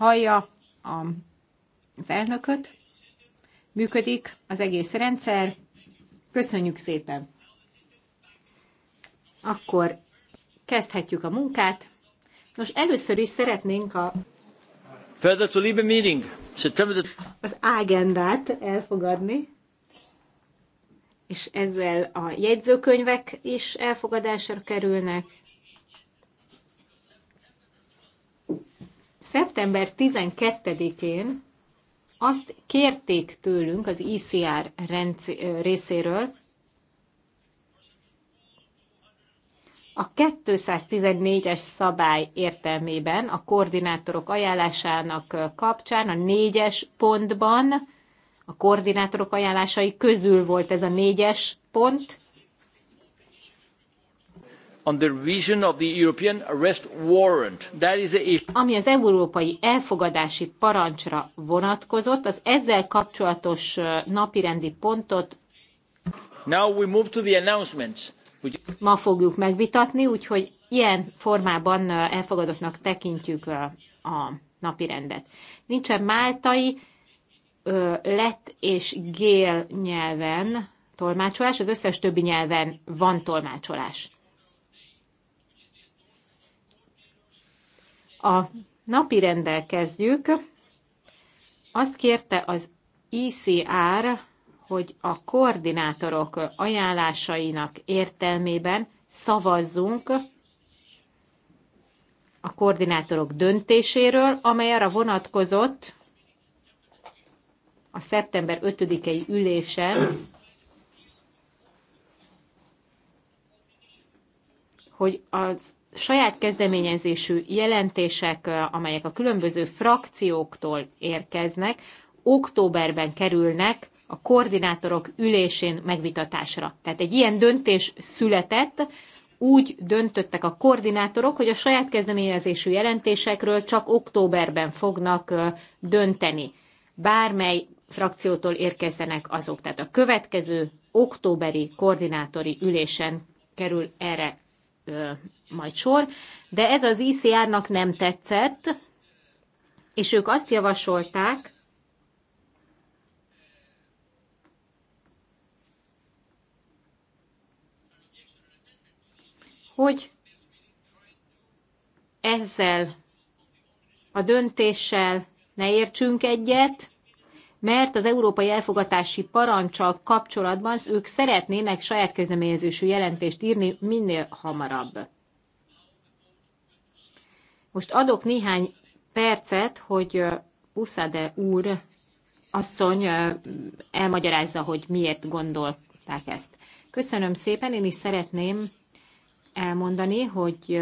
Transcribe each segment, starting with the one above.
hallja a, az elnököt, működik az egész rendszer. Köszönjük szépen! Akkor kezdhetjük a munkát. Nos, először is szeretnénk a az ágendát elfogadni, és ezzel a jegyzőkönyvek is elfogadásra kerülnek, Szeptember 12-én azt kérték tőlünk az ICR e részéről, a 214-es szabály értelmében a koordinátorok ajánlásának kapcsán a négyes pontban a koordinátorok ajánlásai közül volt ez a négyes pont, on the revision of the European arrest warrant. That is the issue. Ami az európai elfogadási parancsra vonatkozott, az ezzel kapcsolatos napirendi pontot Now we move to the announcements. Ma fogjuk megvitatni, úgyhogy ilyen formában elfogadottnak tekintjük a napirendet. Nincsen máltai, lett és gél nyelven tolmácsolás, az összes többi nyelven van tolmácsolás. A napi rendel kezdjük. Azt kérte az ICR, hogy a koordinátorok ajánlásainak értelmében szavazzunk a koordinátorok döntéséről, amely arra vonatkozott a szeptember 5-i ülésen, hogy az saját kezdeményezésű jelentések, amelyek a különböző frakcióktól érkeznek, októberben kerülnek a koordinátorok ülésén megvitatásra. Tehát egy ilyen döntés született, úgy döntöttek a koordinátorok, hogy a saját kezdeményezésű jelentésekről csak októberben fognak dönteni. Bármely frakciótól érkezzenek azok. Tehát a következő októberi koordinátori ülésen kerül erre majd sor, de ez az ICR-nak nem tetszett, és ők azt javasolták, hogy ezzel a döntéssel ne értsünk egyet, mert az európai elfogatási parancsal kapcsolatban ők szeretnének saját közleményezősű jelentést írni minél hamarabb. Most adok néhány percet, hogy Buszade úr asszony elmagyarázza, hogy miért gondolták ezt. Köszönöm szépen, én is szeretném elmondani, hogy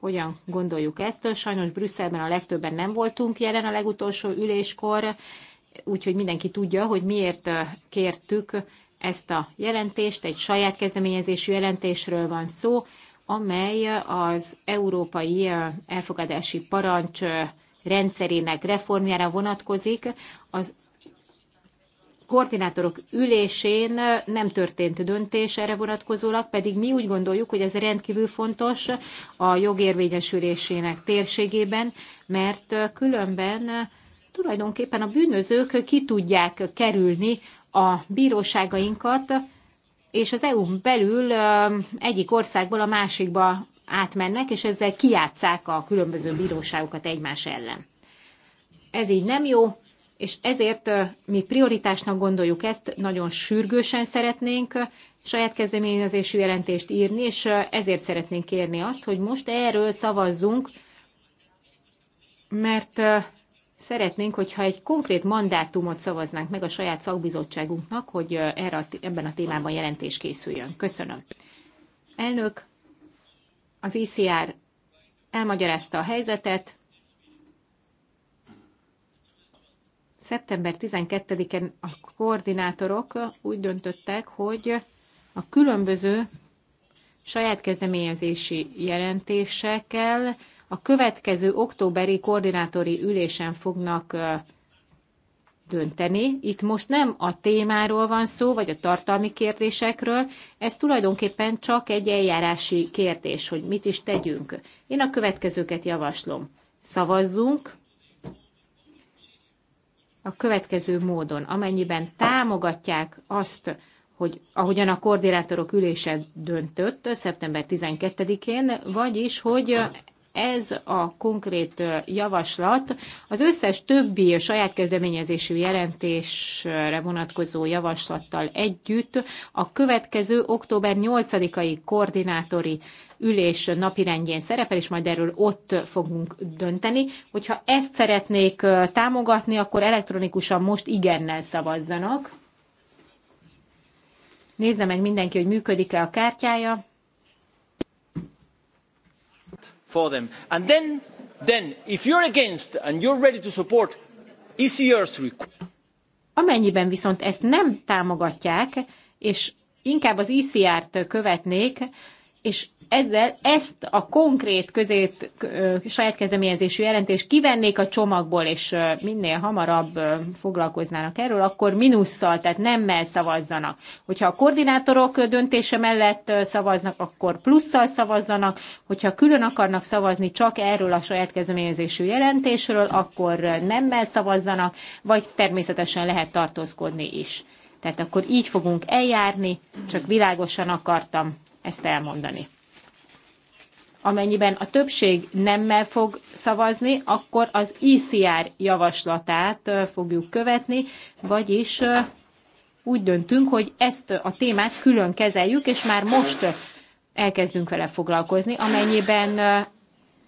hogyan gondoljuk ezt. Sajnos Brüsszelben a legtöbben nem voltunk jelen a legutolsó üléskor, úgyhogy mindenki tudja, hogy miért kértük ezt a jelentést. Egy saját kezdeményezésű jelentésről van szó, amely az európai elfogadási parancs rendszerének reformjára vonatkozik. Az koordinátorok ülésén nem történt döntés erre vonatkozólag, pedig mi úgy gondoljuk, hogy ez rendkívül fontos a jogérvényesülésének térségében, mert különben tulajdonképpen a bűnözők ki tudják kerülni a bíróságainkat, és az EU-n belül egyik országból a másikba átmennek, és ezzel kiátszák a különböző bíróságokat egymás ellen. Ez így nem jó, és ezért mi prioritásnak gondoljuk ezt, nagyon sürgősen szeretnénk saját kezdeményezésű jelentést írni, és ezért szeretnénk kérni azt, hogy most erről szavazzunk, mert Szeretnénk, hogyha egy konkrét mandátumot szavaznánk meg a saját szakbizottságunknak, hogy erre, a, ebben a témában jelentés készüljön. Köszönöm. Elnök, az ICR elmagyarázta a helyzetet. Szeptember 12-en a koordinátorok úgy döntöttek, hogy a különböző saját kezdeményezési jelentésekkel a következő októberi koordinátori ülésen fognak dönteni. Itt most nem a témáról van szó, vagy a tartalmi kérdésekről, ez tulajdonképpen csak egy eljárási kérdés, hogy mit is tegyünk. Én a következőket javaslom. Szavazzunk a következő módon, amennyiben támogatják azt, hogy ahogyan a koordinátorok ülése döntött szeptember 12-én, vagyis, hogy ez a konkrét javaslat az összes többi saját kezdeményezésű jelentésre vonatkozó javaslattal együtt a következő október 8-ai koordinátori ülés napirendjén szerepel, és majd erről ott fogunk dönteni. Hogyha ezt szeretnék támogatni, akkor elektronikusan most igennel szavazzanak. Nézze meg mindenki, hogy működik-e a kártyája for them. And then, then if you're against and you're ready to support ECR's request, Amennyiben viszont ezt nem támogatják, és inkább az ecr t követnék, és ezzel ezt a konkrét közét saját kezdeményezésű jelentést kivennék a csomagból, és minél hamarabb foglalkoznának erről, akkor minusszal, tehát nemmel szavazzanak. Hogyha a koordinátorok döntése mellett szavaznak, akkor plusszal szavazzanak, hogyha külön akarnak szavazni csak erről a saját kezdeményezésű jelentésről, akkor nemmel szavazzanak, vagy természetesen lehet tartózkodni is. Tehát akkor így fogunk eljárni, csak világosan akartam ezt elmondani. Amennyiben a többség nemmel fog szavazni, akkor az ICR javaslatát fogjuk követni, vagyis úgy döntünk, hogy ezt a témát külön kezeljük, és már most elkezdünk vele foglalkozni. Amennyiben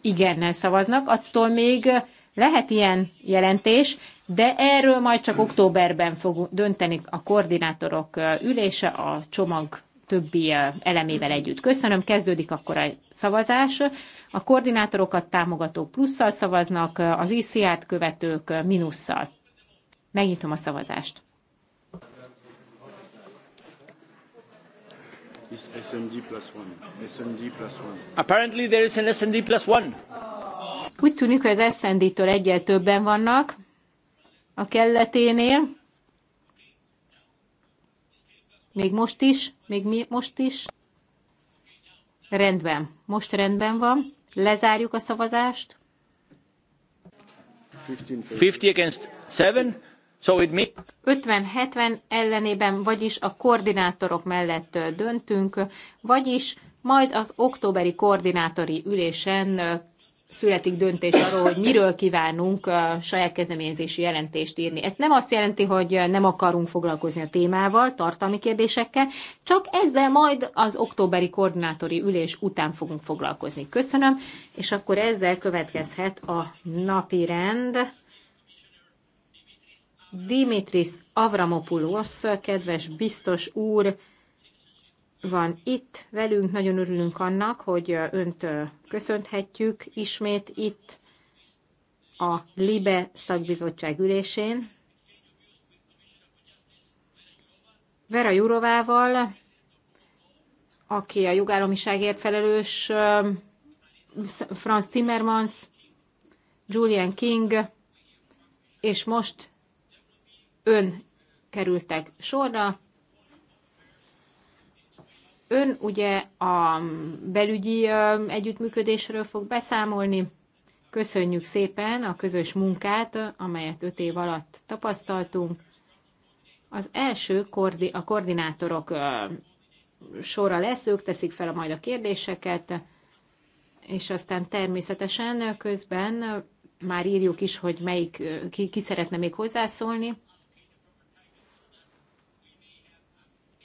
igennel szavaznak, attól még lehet ilyen jelentés, de erről majd csak októberben fog dönteni a koordinátorok ülése a csomag többi elemével együtt. Köszönöm, kezdődik akkor a szavazás. A koordinátorokat támogató plusszal szavaznak, az ICR-t követők minusszal. Megnyitom a szavazást. Apparently there is an SND plus one. Úgy tűnik, hogy az SND-től egyel többen vannak a kelleténél. Még most is? Még mi, most is? Rendben. Most rendben van. Lezárjuk a szavazást. 50 against 7. So it 50-70 ellenében, vagyis a koordinátorok mellett döntünk, vagyis majd az októberi koordinátori ülésen születik döntés arról, hogy miről kívánunk saját kezdeményezési jelentést írni. Ez nem azt jelenti, hogy nem akarunk foglalkozni a témával, tartalmi kérdésekkel, csak ezzel majd az októberi koordinátori ülés után fogunk foglalkozni. Köszönöm, és akkor ezzel következhet a napi rend. Dimitris Avramopoulos, kedves biztos úr, van itt velünk, nagyon örülünk annak, hogy önt köszönthetjük ismét itt a LIBE szakbizottság ülésén. Vera Jurovával, aki a jogállamiságért felelős, Franz Timmermans, Julian King, és most ön kerültek sorra, Ön ugye a belügyi együttműködésről fog beszámolni. Köszönjük szépen a közös munkát, amelyet öt év alatt tapasztaltunk. Az első a koordinátorok sorra lesz, ők teszik fel majd a kérdéseket, és aztán természetesen közben már írjuk is, hogy melyik, ki, ki szeretne még hozzászólni.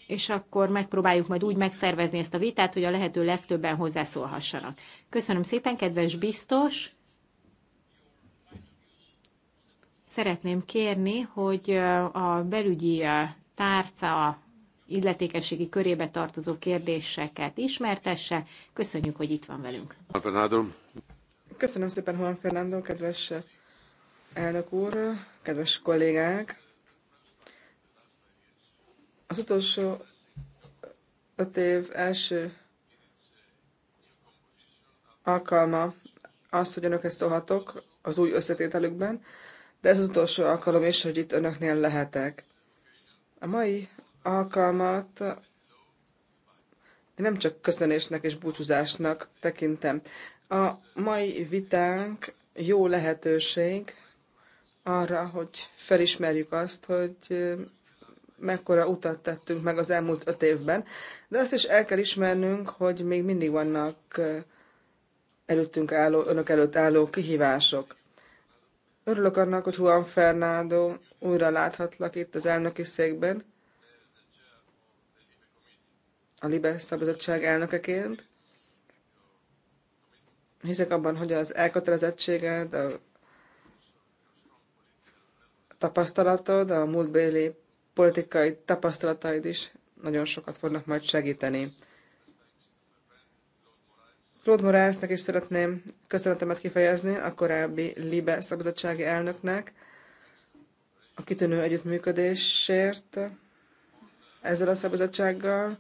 és akkor megpróbáljuk majd úgy megszervezni ezt a vitát, hogy a lehető legtöbben hozzászólhassanak. Köszönöm szépen, kedves biztos! Szeretném kérni, hogy a belügyi tárca illetékességi körébe tartozó kérdéseket ismertesse. Köszönjük, hogy itt van velünk. Köszönöm szépen, Juan Fernando, kedves elnök úr, kedves kollégák! Az utolsó öt év első alkalma az, hogy önökhez szólhatok az új összetételükben, de ez az utolsó alkalom is, hogy itt önöknél lehetek. A mai alkalmat én nem csak köszönésnek és búcsúzásnak tekintem. A mai vitánk jó lehetőség arra, hogy felismerjük azt, hogy mekkora utat tettünk meg az elmúlt öt évben, de azt is el kell ismernünk, hogy még mindig vannak eh, előttünk álló, önök előtt álló kihívások. Örülök annak, hogy Juan Fernando újra láthatlak itt az elnöki székben, a Libe Szabadság elnökeként. Hiszek abban, hogy az elkötelezettséged, a tapasztalatod, a múltbéli politikai tapasztalataid is nagyon sokat fognak majd segíteni. Claude Moraesnek is szeretném köszönetemet kifejezni, a korábbi Libe szabadsági elnöknek, a kitűnő együttműködésért ezzel a szabadsággal,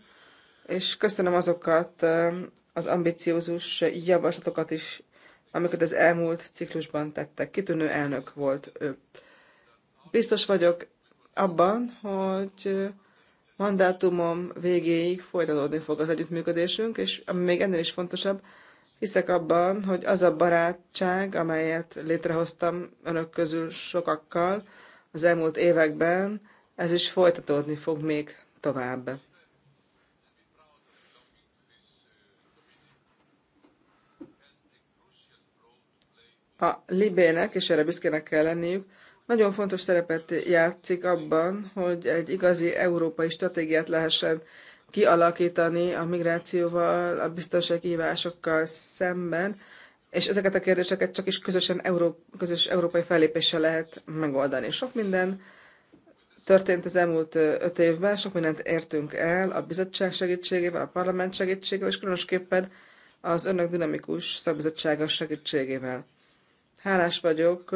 és köszönöm azokat az ambiciózus javaslatokat is, amiket az elmúlt ciklusban tettek. Kitűnő elnök volt ő. Biztos vagyok abban, hogy mandátumom végéig folytatódni fog az együttműködésünk, és ami még ennél is fontosabb, hiszek abban, hogy az a barátság, amelyet létrehoztam önök közül sokakkal az elmúlt években, ez is folytatódni fog még tovább. A Libének, és erre büszkének kell lenniük, nagyon fontos szerepet játszik abban, hogy egy igazi európai stratégiát lehessen kialakítani a migrációval, a biztonsági hívásokkal szemben, és ezeket a kérdéseket csak is közösen Euró- közös európai fellépéssel lehet megoldani. Sok minden történt az elmúlt öt évben, sok mindent értünk el a bizottság segítségével, a parlament segítségével, és különösképpen az önök dinamikus szakbizottsága segítségével. Hálás vagyok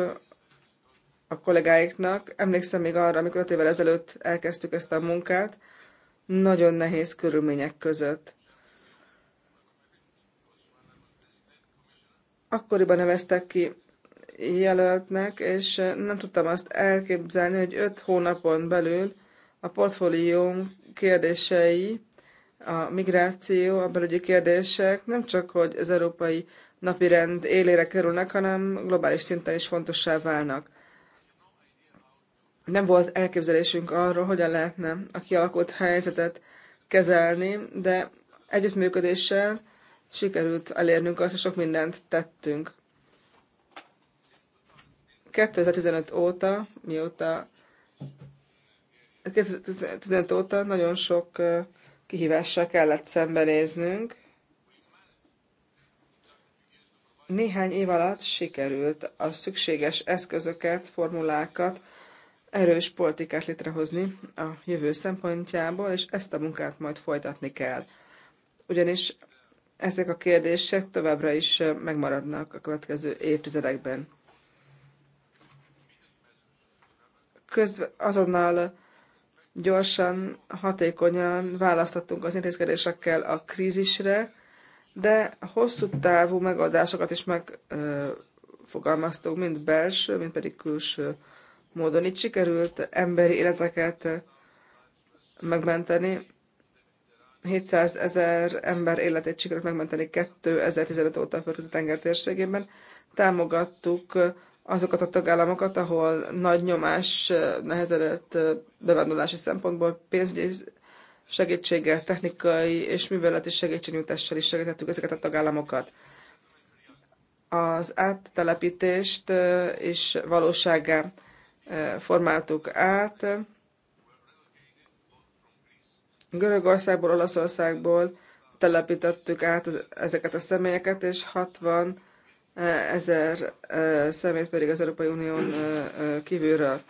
a kollégáiknak. Emlékszem még arra, amikor öt évvel ezelőtt elkezdtük ezt a munkát, nagyon nehéz körülmények között. Akkoriban neveztek ki jelöltnek, és nem tudtam azt elképzelni, hogy öt hónapon belül a portfólióm kérdései, a migráció, a belügyi kérdések nem csak, hogy az európai napirend élére kerülnek, hanem globális szinten is fontossá válnak nem volt elképzelésünk arról, hogyan lehetne a kialakult helyzetet kezelni, de együttműködéssel sikerült elérnünk azt, hogy sok mindent tettünk. 2015 óta, mióta 2015 óta nagyon sok kihívással kellett szembenéznünk. Néhány év alatt sikerült a szükséges eszközöket, formulákat erős politikát létrehozni a jövő szempontjából, és ezt a munkát majd folytatni kell. Ugyanis ezek a kérdések továbbra is megmaradnak a következő évtizedekben. Közve, azonnal gyorsan, hatékonyan választottunk az intézkedésekkel a krízisre, de hosszú távú megoldásokat is megfogalmaztunk, mind belső, mind pedig külső módon. Itt sikerült emberi életeket megmenteni. 700 ezer ember életét sikerült megmenteni 2015 óta a földközi tenger térségében. Támogattuk azokat a tagállamokat, ahol nagy nyomás nehezedett bevándorlási szempontból pénzügyi segítséggel, technikai és műveleti segítségnyújtással is segítettük ezeket a tagállamokat. Az áttelepítést is valóságá formáltuk át. Görögországból, Olaszországból telepítettük át ezeket a személyeket, és 60 ezer személyt pedig az Európai Unión kívülről.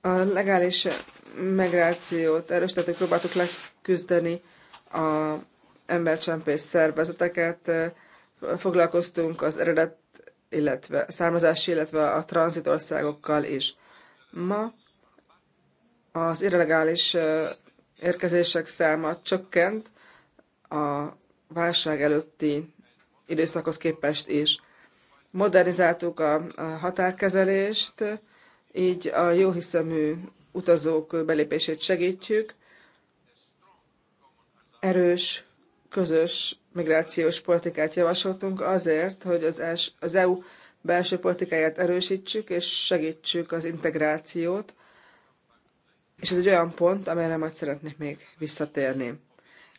A legális migrációt erősítettük, próbáltuk leküzdeni a embercsempész szervezeteket, foglalkoztunk az eredet illetve származási, illetve a tranzitországokkal is. Ma az irrelegális érkezések száma csökkent a válság előtti időszakhoz képest is. Modernizáltuk a határkezelést, így a jóhiszemű utazók belépését segítjük. Erős, közös migrációs politikát javasoltunk azért, hogy az, els, az EU belső politikáját erősítsük és segítsük az integrációt, és ez egy olyan pont, amelyre majd szeretnék még visszatérni.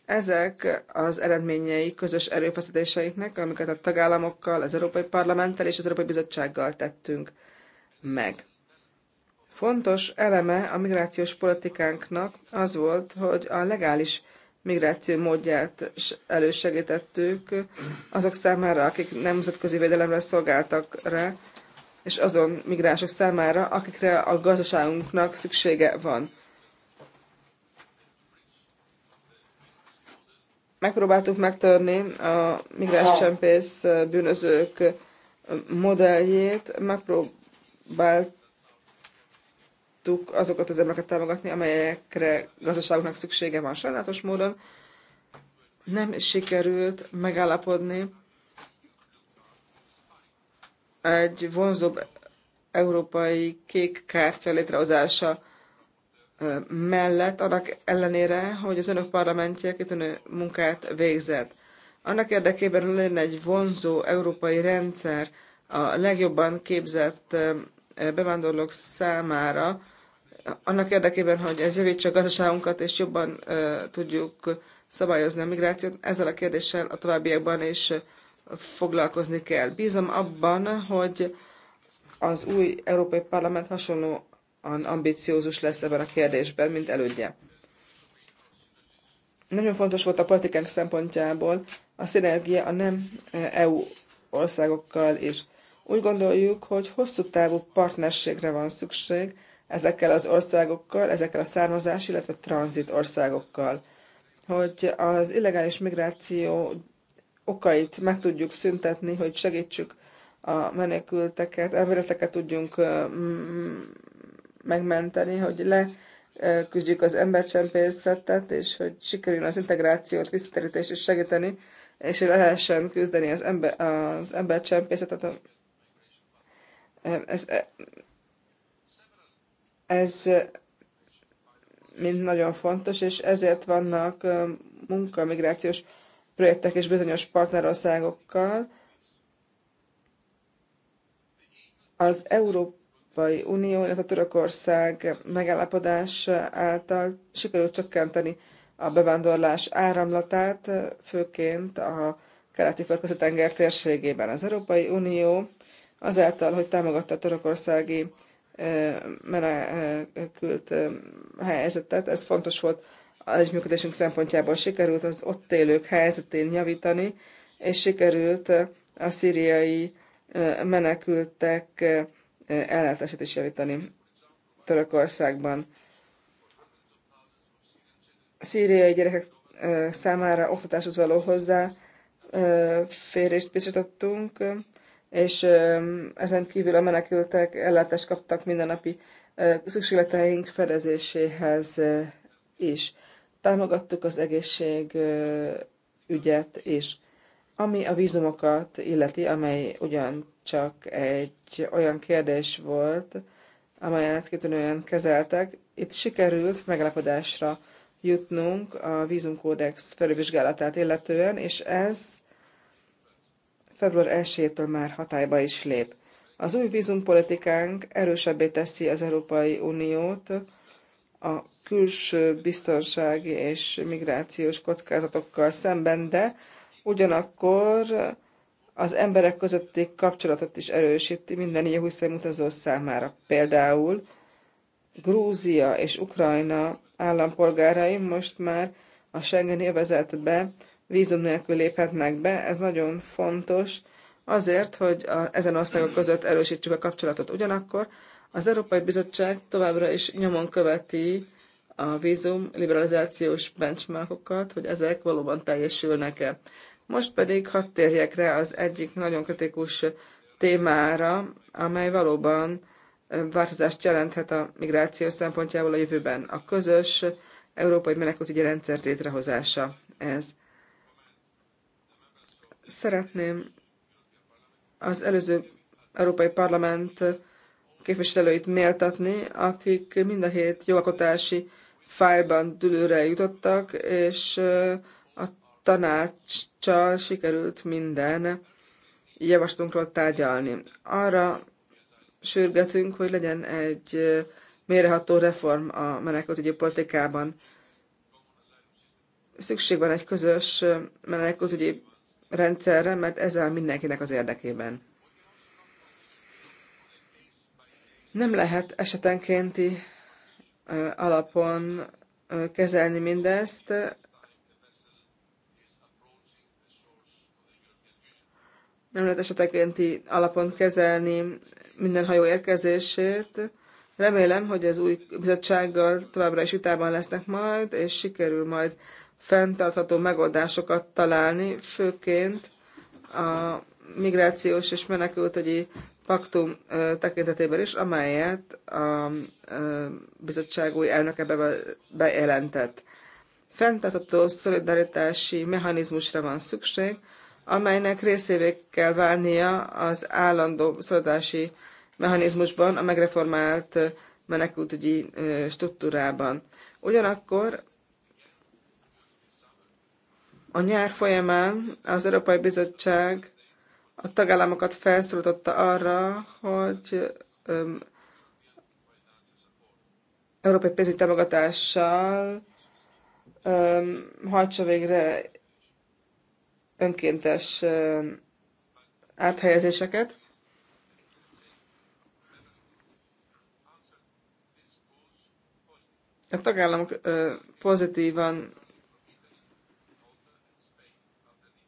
Ezek az eredményei közös erőfeszítéseinknek, amiket a tagállamokkal, az Európai Parlamenttel és az Európai Bizottsággal tettünk meg. Fontos eleme a migrációs politikánknak az volt, hogy a legális migráció módját elősegítettük azok számára, akik nemzetközi védelemre szolgáltak rá, és azon migránsok számára, akikre a gazdaságunknak szüksége van. Megpróbáltuk megtörni a csempész bűnözők modelljét, megpróbált tudtuk azokat az embereket támogatni, amelyekre gazdaságunknak szüksége van. Sajnálatos módon nem sikerült megállapodni egy vonzóbb európai kék kártya létrehozása mellett, annak ellenére, hogy az önök parlamentje kitűnő munkát végzett. Annak érdekében, hogy lenne egy vonzó európai rendszer a legjobban képzett bevándorlók számára, annak érdekében, hogy ez javítsa a gazdaságunkat, és jobban tudjuk szabályozni a migrációt, ezzel a kérdéssel a továbbiakban is foglalkozni kell. Bízom abban, hogy az új Európai Parlament hasonlóan ambiciózus lesz ebben a kérdésben, mint elődje. Nagyon fontos volt a politikánk szempontjából a szinergia a nem EU országokkal is. Úgy gondoljuk, hogy hosszú távú partnerségre van szükség, ezekkel az országokkal, ezekkel a származás, illetve tranzit országokkal. Hogy az illegális migráció okait meg tudjuk szüntetni, hogy segítsük a menekülteket, embereteket tudjunk megmenteni, hogy le küzdjük az embercsempészetet, és hogy sikerüljön az integrációt, visszatérítést is segíteni, és hogy lehessen küzdeni az, ember, az embercsempészetet. Ez, ez mind nagyon fontos, és ezért vannak munkamigrációs projektek és bizonyos partnerországokkal. Az Európai Unió, illetve Törökország megállapodás által sikerült csökkenteni a bevándorlás áramlatát, főként a keleti földközi tenger térségében. Az Európai Unió azáltal, hogy támogatta a törökországi menekült helyzetet. Ez fontos volt az működésünk szempontjából. Sikerült az ott élők helyzetén javítani, és sikerült a szíriai menekültek ellátását is javítani Törökországban. Szíriai gyerekek számára oktatáshoz való hozzá férést biztosítottunk, és ezen kívül a menekültek ellátást kaptak mindennapi szükségleteink fedezéséhez is. Támogattuk az egészségügyet is. Ami a vízumokat illeti, amely ugyancsak egy olyan kérdés volt, amelyet kitűnően kezeltek, itt sikerült meglepodásra jutnunk a vízumkódex felülvizsgálatát illetően, és ez február 1-től már hatályba is lép. Az új vízumpolitikánk erősebbé teszi az Európai Uniót a külső biztonsági és migrációs kockázatokkal szemben, de ugyanakkor az emberek közötti kapcsolatot is erősíti minden ilyen húszem utazó számára. Például Grúzia és Ukrajna állampolgárai most már a Schengen övezetbe vízum nélkül léphetnek be. Ez nagyon fontos azért, hogy a, ezen országok között erősítsük a kapcsolatot. Ugyanakkor az Európai Bizottság továbbra is nyomon követi a vízum liberalizációs benchmarkokat, hogy ezek valóban teljesülnek-e. Most pedig hadd térjek rá az egyik nagyon kritikus témára, amely valóban változást jelenthet a migráció szempontjából a jövőben. A közös európai menekültügyi rendszer létrehozása ez. Szeretném az előző Európai Parlament képviselőit méltatni, akik mind a hét jogalkotási fájlban dülőre jutottak, és a tanácssal sikerült minden javaslatunkról tárgyalni. Arra sürgetünk, hogy legyen egy méreható reform a menekültügyi politikában. Szükség van egy közös menekültügyi rendszerre, mert ezzel mindenkinek az érdekében. Nem lehet esetenkénti alapon kezelni mindezt. Nem lehet esetenkénti alapon kezelni minden hajó érkezését. Remélem, hogy az új bizottsággal továbbra is vitában lesznek majd, és sikerül majd fenntartható megoldásokat találni, főként a migrációs és menekültügyi paktum tekintetében is, amelyet a bizottság új elnöke bejelentett. Fenntartható szolidaritási mechanizmusra van szükség, amelynek részévé kell válnia az állandó szolidási mechanizmusban, a megreformált menekültügyi struktúrában. Ugyanakkor a nyár folyamán az Európai Bizottság a tagállamokat felszólította arra, hogy öm, európai pénzügyi támogatással hajtsa végre önkéntes öm, áthelyezéseket. A tagállamok ö, pozitívan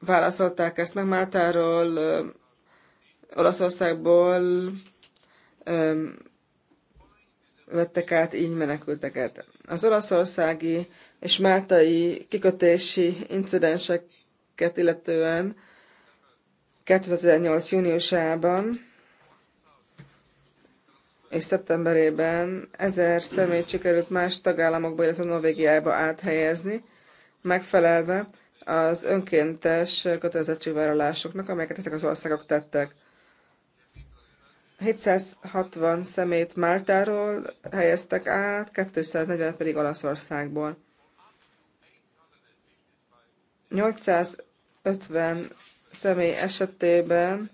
válaszolták ezt meg Máltáról, Olaszországból vettek át így menekülteket. Az olaszországi és máltai kikötési incidenseket illetően 2018. júniusában és szeptemberében ezer személyt sikerült más tagállamokba, illetve Norvégiába áthelyezni, megfelelve az önkéntes kötelezettségvállalásoknak, amelyeket ezek az országok tettek. 760 szemét Máltáról helyeztek át, 240 pedig Olaszországból. 850 személy esetében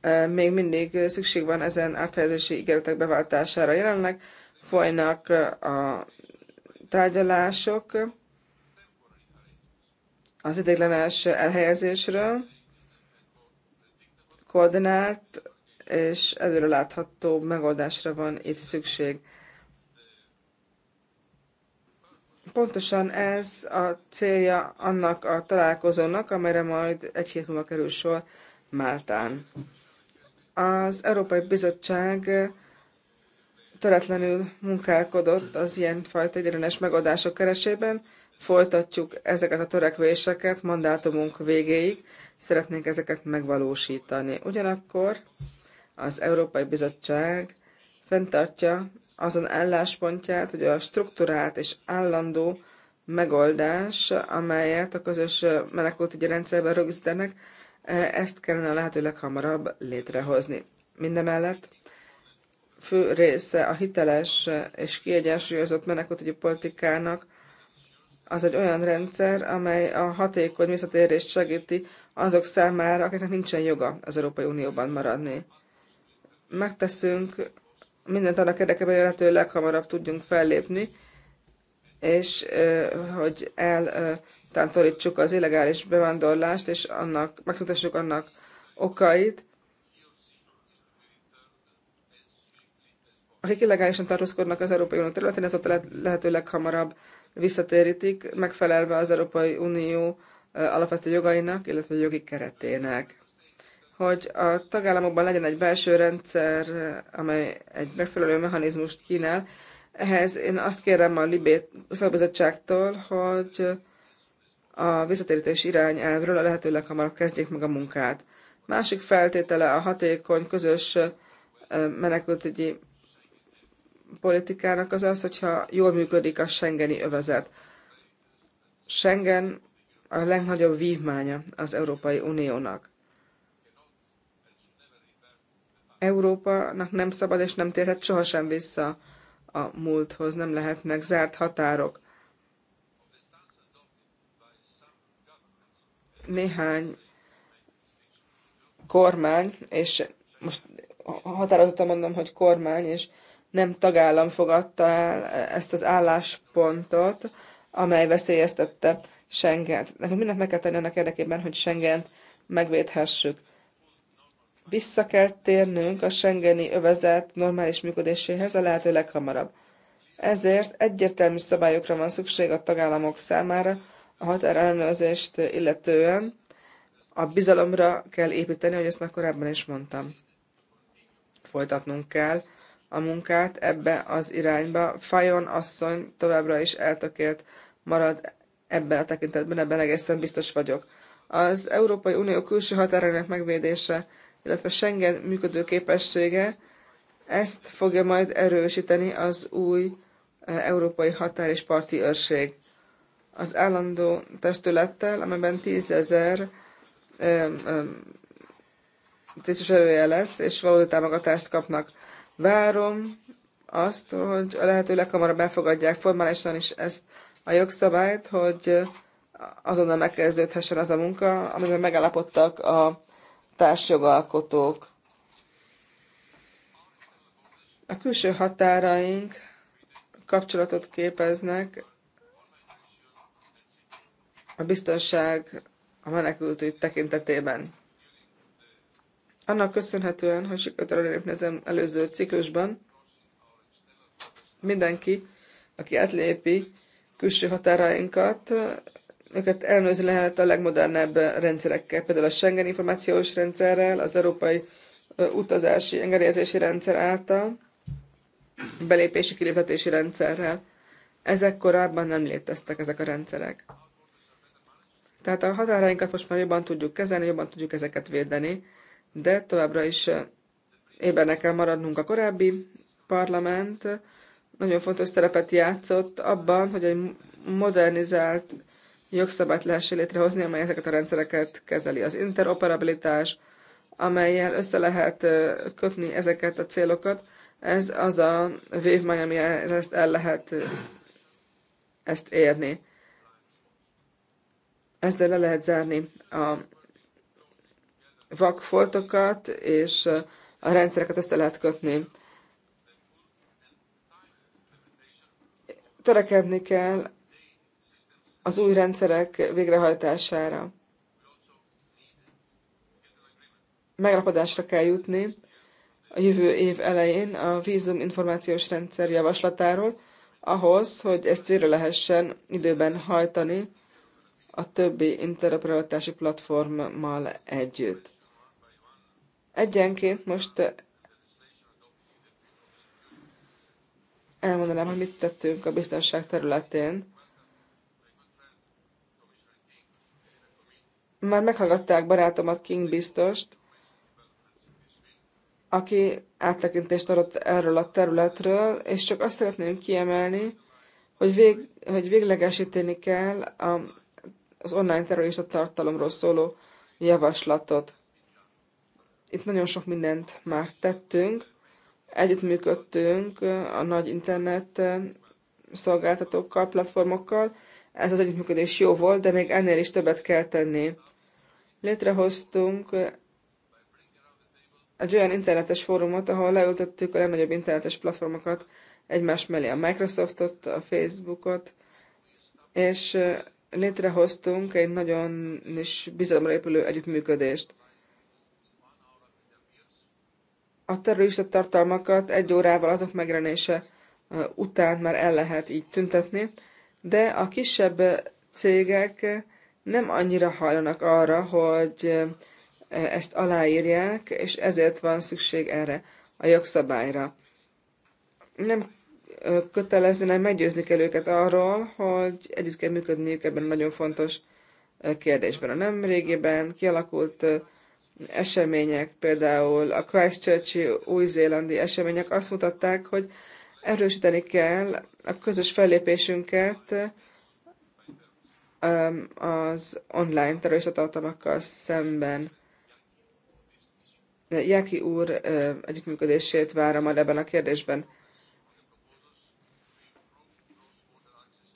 e, még mindig szükség van ezen áthelyezési ígéretek beváltására. Jelenleg folynak e, a tárgyalások, az ideiglenes elhelyezésről, koordinált és előre látható megoldásra van itt szükség. Pontosan ez a célja annak a találkozónak, amelyre majd egy hét múlva kerül sor Máltán. Az Európai Bizottság töretlenül munkálkodott az ilyenfajta egyenes megoldások keresében, Folytatjuk ezeket a törekvéseket mandátumunk végéig, szeretnénk ezeket megvalósítani. Ugyanakkor az Európai Bizottság fenntartja azon álláspontját, hogy a struktúrát és állandó megoldás, amelyet a közös menekültügyi rendszerben rögzítenek, ezt kellene a lehető leghamarabb létrehozni. Mindemellett fő része a hiteles és kiegyensúlyozott menekültügyi politikának az egy olyan rendszer, amely a hatékony visszatérést segíti azok számára, akiknek nincsen joga az Európai Unióban maradni. Megteszünk mindent annak érdekében, hogy lehető leghamarabb tudjunk fellépni, és hogy eltántorítsuk az illegális bevándorlást, és annak, megszüntessük annak okait, akik illegálisan tartózkodnak az Európai Unió területén, azóta lehető leghamarabb visszatérítik, megfelelve az Európai Unió alapvető jogainak, illetve jogi keretének. Hogy a tagállamokban legyen egy belső rendszer, amely egy megfelelő mechanizmust kínál, ehhez én azt kérem a Libét szakbizottságtól, hogy a visszatérítés irányelvről a lehető leghamarabb kezdjék meg a munkát. Másik feltétele a hatékony közös menekültügyi politikának az az, hogyha jól működik a Schengeni övezet. Schengen a legnagyobb vívmánya az Európai Uniónak. Európának nem szabad és nem térhet sohasem vissza a múlthoz, nem lehetnek zárt határok. Néhány kormány, és most határozottan mondom, hogy kormány, és nem tagállam fogadta el e- ezt az álláspontot, amely veszélyeztette Schengent. Nekünk mindent meg kell tenni annak érdekében, hogy Schengent megvédhessük. Vissza kell térnünk a Schengeni övezet normális működéséhez a lehető leghamarabb. Ezért egyértelmű szabályokra van szükség a tagállamok számára a határellenőrzést illetően. A bizalomra kell építeni, hogy ezt már korábban is mondtam. Folytatnunk kell a munkát ebbe az irányba. Fajon asszony továbbra is eltökélt marad ebben a tekintetben, ebben egészen biztos vagyok. Az Európai Unió külső határainak megvédése, illetve Schengen működő képessége, ezt fogja majd erősíteni az új e, Európai Határ és Parti Őrség. Az állandó testülettel, amelyben tízezer e, e, tisztviselője lesz, és valódi támogatást kapnak. Várom azt, hogy a lehető leghamarabb befogadják formálisan is ezt a jogszabályt, hogy azonnal megkezdődhessen az a munka, amiben megállapodtak a társjogalkotók. A külső határaink kapcsolatot képeznek a biztonság a menekültügy tekintetében. Annak köszönhetően, hogy sikerült előrépni az előző ciklusban, mindenki, aki átlépi külső határainkat, őket ellenőrizni lehet a legmodernebb rendszerekkel, például a Schengen információs rendszerrel, az európai utazási engedélyezési rendszer által, belépési kiléptetési rendszerrel. Ezek korábban nem léteztek ezek a rendszerek. Tehát a határainkat most már jobban tudjuk kezelni, jobban tudjuk ezeket védeni, de továbbra is eh, ébernek kell maradnunk a korábbi parlament. Nagyon fontos szerepet játszott abban, hogy egy modernizált jogszabályt lehessen létrehozni, amely ezeket a rendszereket kezeli. Az interoperabilitás, amelyel össze lehet eh, kötni ezeket a célokat, ez az a vévmány, ami ezt el lehet eh, ezt érni. Ezzel le lehet zárni a vakfoltokat, és a rendszereket össze lehet kötni. Törekedni kell az új rendszerek végrehajtására. Megrapadásra kell jutni a jövő év elején a vízum információs rendszer javaslatáról, ahhoz, hogy ezt végre lehessen időben hajtani a többi interoperatási platformmal együtt. Egyenként most eh, elmondanám, hogy mit tettünk a biztonság területén. Már meghallgatták barátomat King biztost, aki áttekintést adott erről a területről, és csak azt szeretném kiemelni, hogy, vég, hogy véglegesíteni kell a, az online terrorista tartalomról szóló javaslatot. Itt nagyon sok mindent már tettünk, együttműködtünk eh, a nagy internet eh, szolgáltatókkal, platformokkal. Ez az együttműködés jó volt, de még ennél is többet kell tenni. Létrehoztunk eh, egy olyan internetes fórumot, ahol leültöttük a legnagyobb internetes platformokat egymás mellé, a Microsoftot, a Facebookot, és létrehoztunk egy nagyon is bizalomra épülő együttműködést. a terrorista tartalmakat egy órával azok megjelenése után már el lehet így tüntetni, de a kisebb cégek nem annyira hajlanak arra, hogy ezt aláírják, és ezért van szükség erre a jogszabályra. Nem kötelezni, nem meggyőzni kell őket arról, hogy együtt kell működniük ebben a nagyon fontos kérdésben. A nem régiben kialakult események, például a Christchurchi új-zélandi események azt mutatták, hogy erősíteni kell a közös fellépésünket um, az online terrorista tartalmakkal szemben. Jáki úr együttműködését várom a ebben a kérdésben.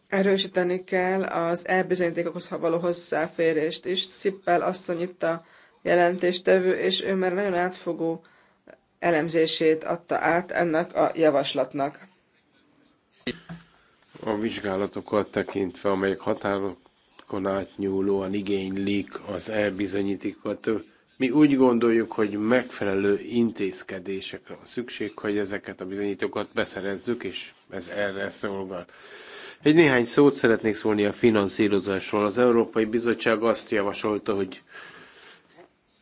Erősíteni kell az elbizonyítékokhoz való hozzáférést is. Szippel asszony itt a jelentéstevő, és ő már nagyon átfogó elemzését adta át ennek a javaslatnak. A vizsgálatokat tekintve, amelyek határokon átnyúlóan igénylik az elbizonyítékokat, mi úgy gondoljuk, hogy megfelelő intézkedésekre van szükség, hogy ezeket a bizonyítókat beszerezzük, és ez erre szolgál. Egy néhány szót szeretnék szólni a finanszírozásról. Az Európai Bizottság azt javasolta, hogy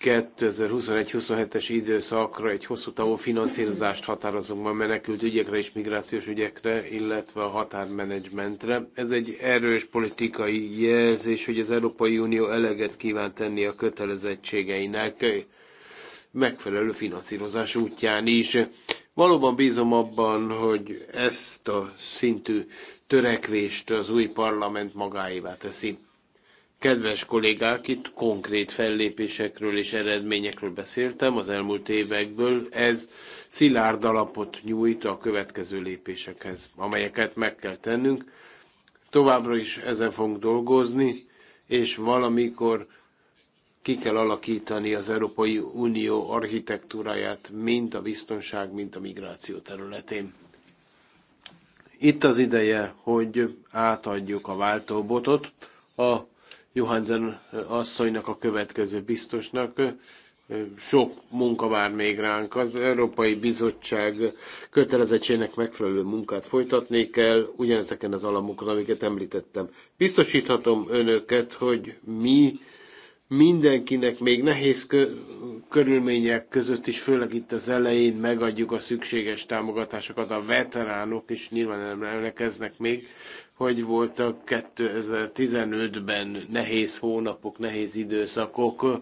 2021-27-es időszakra egy hosszú távú finanszírozást határozunk a menekült ügyekre és migrációs ügyekre, illetve a határmenedzsmentre. Ez egy erős politikai jelzés, hogy az Európai Unió eleget kíván tenni a kötelezettségeinek megfelelő finanszírozás útján is. Valóban bízom abban, hogy ezt a szintű törekvést az új parlament magáévá teszi Kedves kollégák, itt konkrét fellépésekről és eredményekről beszéltem az elmúlt évekből. Ez szilárd alapot nyújt a következő lépésekhez, amelyeket meg kell tennünk. Továbbra is ezen fogunk dolgozni, és valamikor ki kell alakítani az Európai Unió architektúráját, mint a biztonság, mint a migráció területén. Itt az ideje, hogy átadjuk a váltóbotot a Johansen asszonynak, a következő biztosnak. Sok munka vár még ránk. Az Európai Bizottság kötelezettségének megfelelő munkát folytatni kell, ugyanezeken az alamokon, amiket említettem. Biztosíthatom önöket, hogy mi mindenkinek még nehéz körülmények között is, főleg itt az elején megadjuk a szükséges támogatásokat. A veteránok is nyilván emlékeznek még, hogy voltak 2015-ben nehéz hónapok, nehéz időszakok.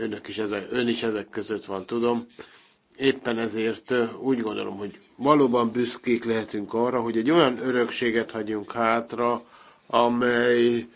Önök is ezek, ön is ezek között van, tudom. Éppen ezért úgy gondolom, hogy valóban büszkék lehetünk arra, hogy egy olyan örökséget hagyunk hátra, amely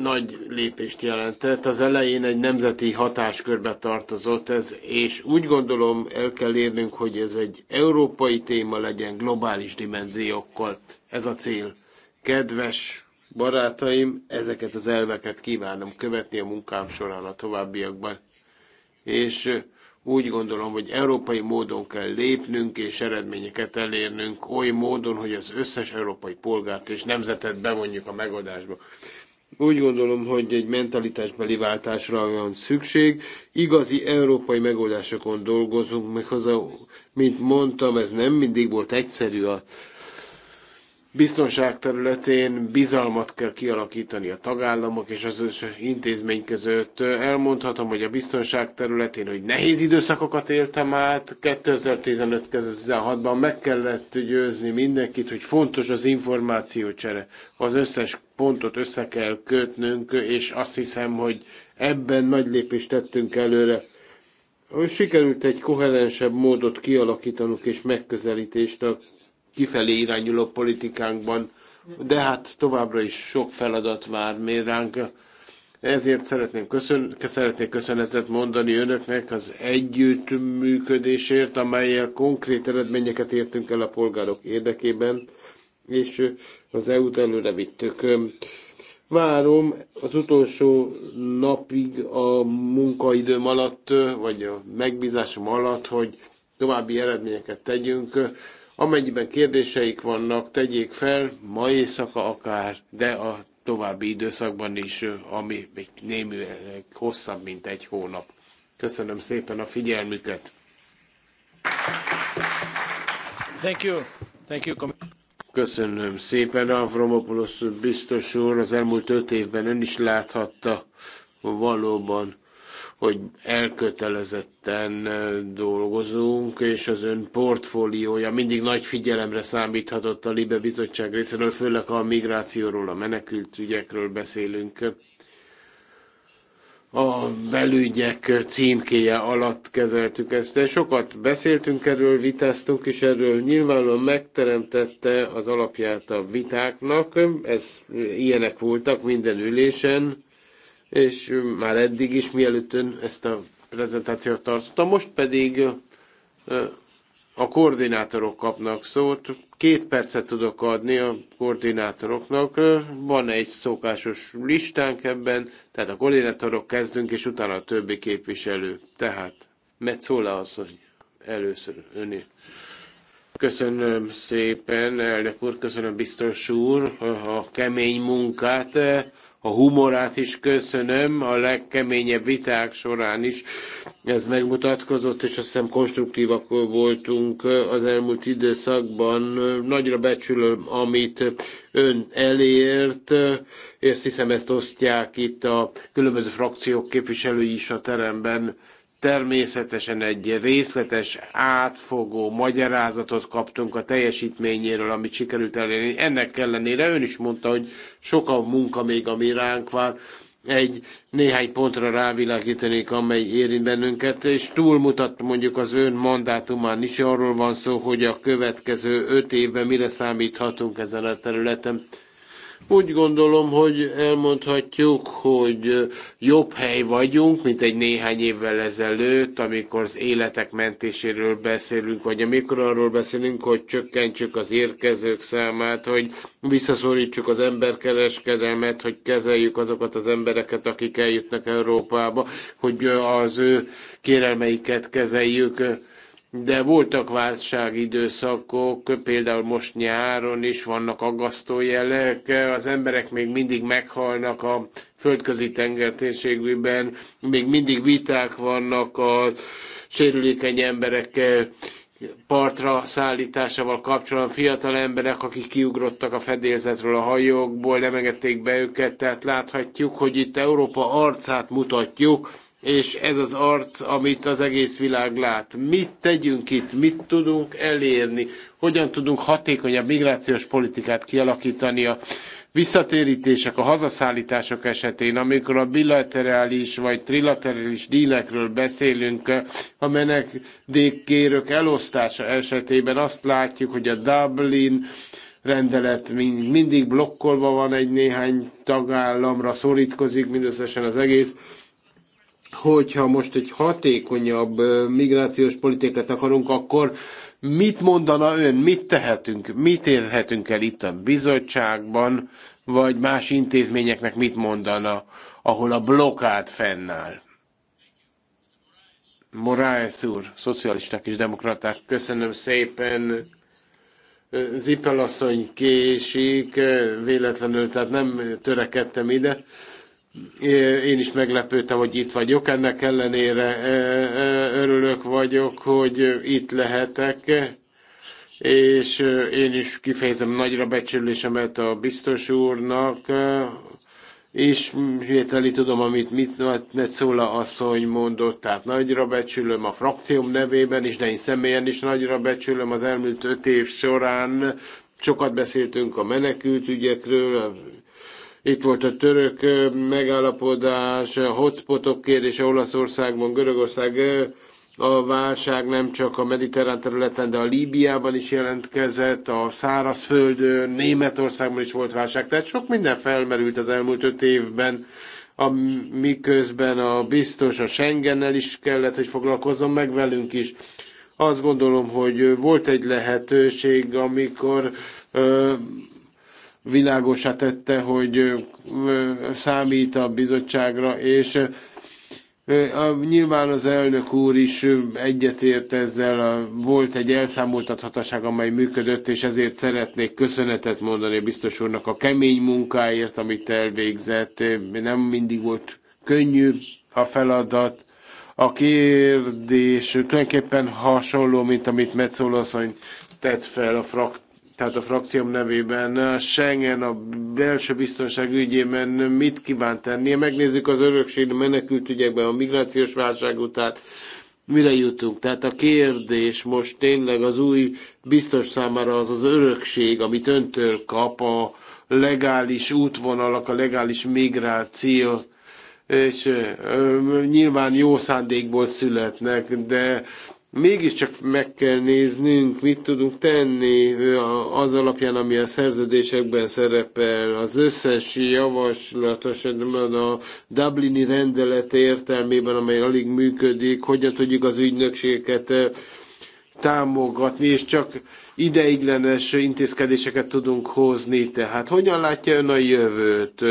nagy lépést jelentett. Az elején egy nemzeti hatáskörbe tartozott ez, és úgy gondolom el kell érnünk, hogy ez egy európai téma legyen globális dimenziókkal. Ez a cél. Kedves barátaim, ezeket az elveket kívánom követni a munkám során a továbbiakban. És úgy gondolom, hogy európai módon kell lépnünk és eredményeket elérnünk, oly módon, hogy az összes európai polgárt és nemzetet bevonjuk a megoldásba. Úgy gondolom, hogy egy mentalitásbeli váltásra olyan szükség. Igazi európai megoldásokon dolgozunk, méghozzá, mint mondtam, ez nem mindig volt egyszerű a biztonság területén bizalmat kell kialakítani a tagállamok és az összes intézmény között. Elmondhatom, hogy a biztonság területén, hogy nehéz időszakokat éltem át, 2015-16-ban meg kellett győzni mindenkit, hogy fontos az információcsere. Az összes pontot össze kell kötnünk, és azt hiszem, hogy ebben nagy lépést tettünk előre. Sikerült egy koherensebb módot kialakítanunk és megközelítést a kifelé irányuló politikánkban, de hát továbbra is sok feladat vár még ránk. Ezért szeretném köszön, szeretnék köszönetet mondani önöknek az együttműködésért, amelyel konkrét eredményeket értünk el a polgárok érdekében, és az EU-t előre vittük. Várom az utolsó napig a munkaidőm alatt, vagy a megbízásom alatt, hogy további eredményeket tegyünk Amennyiben kérdéseik vannak, tegyék fel, ma éjszaka akár, de a további időszakban is, ami még némileg hosszabb, mint egy hónap. Köszönöm szépen a figyelmüket! Thank you. Thank you. Köszönöm szépen, Avromopoulos biztos úr, az elmúlt öt évben ön is láthatta valóban hogy elkötelezetten dolgozunk, és az ön portfóliója mindig nagy figyelemre számíthatott a Libe Bizottság részéről, főleg a migrációról, a menekült ügyekről beszélünk. A belügyek címkéje alatt kezeltük ezt, de sokat beszéltünk erről, vitáztunk is erről. Nyilvánvalóan megteremtette az alapját a vitáknak, ez, ilyenek voltak minden ülésen, és már eddig is, mielőtt ön ezt a prezentációt tartotta, most pedig a koordinátorok kapnak szót. Két percet tudok adni a koordinátoroknak. Van egy szokásos listánk ebben, tehát a koordinátorok kezdünk, és utána a többi képviselő. Tehát az, hogy először öné. Köszönöm szépen, elnök úr, köszönöm biztos úr a kemény munkát a humorát is köszönöm, a legkeményebb viták során is ez megmutatkozott, és azt hiszem konstruktívak voltunk az elmúlt időszakban. Nagyra becsülöm, amit ön elért, és hiszem ezt osztják itt a különböző frakciók képviselői is a teremben. Természetesen egy részletes, átfogó magyarázatot kaptunk a teljesítményéről, amit sikerült elérni. Ennek ellenére ön is mondta, hogy sok a munka még, ami ránk vár. Egy néhány pontra rávilágítanék, amely érint bennünket, és túlmutat mondjuk az ön mandátumán is. Arról van szó, hogy a következő öt évben mire számíthatunk ezen a területen úgy gondolom, hogy elmondhatjuk, hogy jobb hely vagyunk, mint egy néhány évvel ezelőtt, amikor az életek mentéséről beszélünk, vagy amikor arról beszélünk, hogy csökkentsük az érkezők számát, hogy visszaszorítsuk az emberkereskedelmet, hogy kezeljük azokat az embereket, akik eljutnak Európába, hogy az ő kérelmeiket kezeljük de voltak válságidőszakok, például most nyáron is vannak aggasztó jelek, az emberek még mindig meghalnak a földközi tengertérségben, még mindig viták vannak a sérülékeny emberek partra szállításával kapcsolatban fiatal emberek, akik kiugrottak a fedélzetről a hajókból, nem engedték be őket, tehát láthatjuk, hogy itt Európa arcát mutatjuk, és ez az arc, amit az egész világ lát. Mit tegyünk itt, mit tudunk elérni, hogyan tudunk hatékonyabb migrációs politikát kialakítani a visszatérítések, a hazaszállítások esetén, amikor a bilaterális vagy trilaterális dílekről beszélünk, a menedékkérők elosztása esetében azt látjuk, hogy a Dublin rendelet mindig blokkolva van egy néhány tagállamra, szorítkozik mindösszesen az egész hogyha most egy hatékonyabb migrációs politikát akarunk, akkor mit mondana ön, mit tehetünk, mit érhetünk el itt a bizottságban, vagy más intézményeknek mit mondana, ahol a blokád fennáll? Moraes úr, szocialisták és demokraták, köszönöm szépen. Zipelasszony késik, véletlenül, tehát nem törekedtem ide én is meglepődtem, hogy itt vagyok, ennek ellenére e, e, örülök vagyok, hogy itt lehetek, és e, én is kifejezem nagyra becsülésemet a biztos úrnak, és hételi tudom, amit mit szól szóla asszony mondott, tehát nagyra becsülöm a frakcióm nevében is, de én személyen is nagyra becsülöm az elmúlt öt év során. Sokat beszéltünk a menekült ügyekről, itt volt a török megállapodás, a hotspotok kérdése Olaszországban, Görögország. A válság nem csak a mediterrán területen, de a Líbiában is jelentkezett, a szárazföldön, Németországban is volt válság. Tehát sok minden felmerült az elmúlt öt évben, miközben a biztos a Schengennel is kellett, hogy foglalkozzon meg velünk is azt gondolom, hogy volt egy lehetőség, amikor ö, világosá tette, hogy számít a bizottságra, és Nyilván az elnök úr is egyetért ezzel, volt egy elszámoltathatóság, amely működött, és ezért szeretnék köszönetet mondani a biztos úrnak a kemény munkáért, amit elvégzett. Nem mindig volt könnyű a feladat. A kérdés tulajdonképpen hasonló, mint amit Metzolaszony tett fel a frak tehát a frakcióm nevében a Schengen a belső biztonság ügyében mit kíván tenni? Megnézzük az örökség menekült ügyekben a migrációs válság után, mire jutunk. Tehát a kérdés most tényleg az új biztos számára az az örökség, amit öntől kap, a legális útvonalak, a legális migráció, és ö, nyilván jó szándékból születnek, de mégiscsak meg kell néznünk, mit tudunk tenni az alapján, ami a szerződésekben szerepel, az összes javaslat, a Dublini rendelet értelmében, amely alig működik, hogyan tudjuk az ügynökségeket támogatni, és csak ideiglenes intézkedéseket tudunk hozni. Tehát hogyan látja ön a jövőt?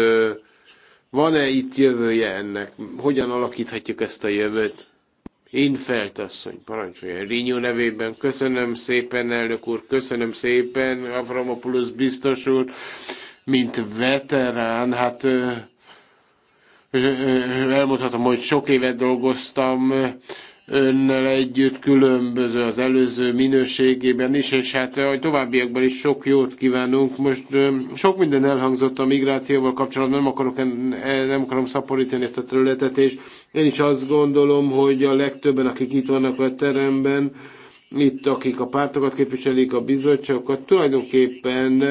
Van-e itt jövője ennek? Hogyan alakíthatjuk ezt a jövőt? Infelt asszony, parancsolja. Rinyó nevében köszönöm szépen, elnök úr, köszönöm szépen, Avramopoulos biztos úr, mint veterán, hát elmondhatom, hogy sok évet dolgoztam önnel együtt különböző az előző minőségében is, és hát a eh, továbbiakban is sok jót kívánunk. Most eh, sok minden elhangzott a migrációval kapcsolatban, nem, akarok, eh, nem akarom szaporítani ezt a területet, és én is azt gondolom, hogy a legtöbben, akik itt vannak a teremben, itt, akik a pártokat képviselik, a bizottságokat, tulajdonképpen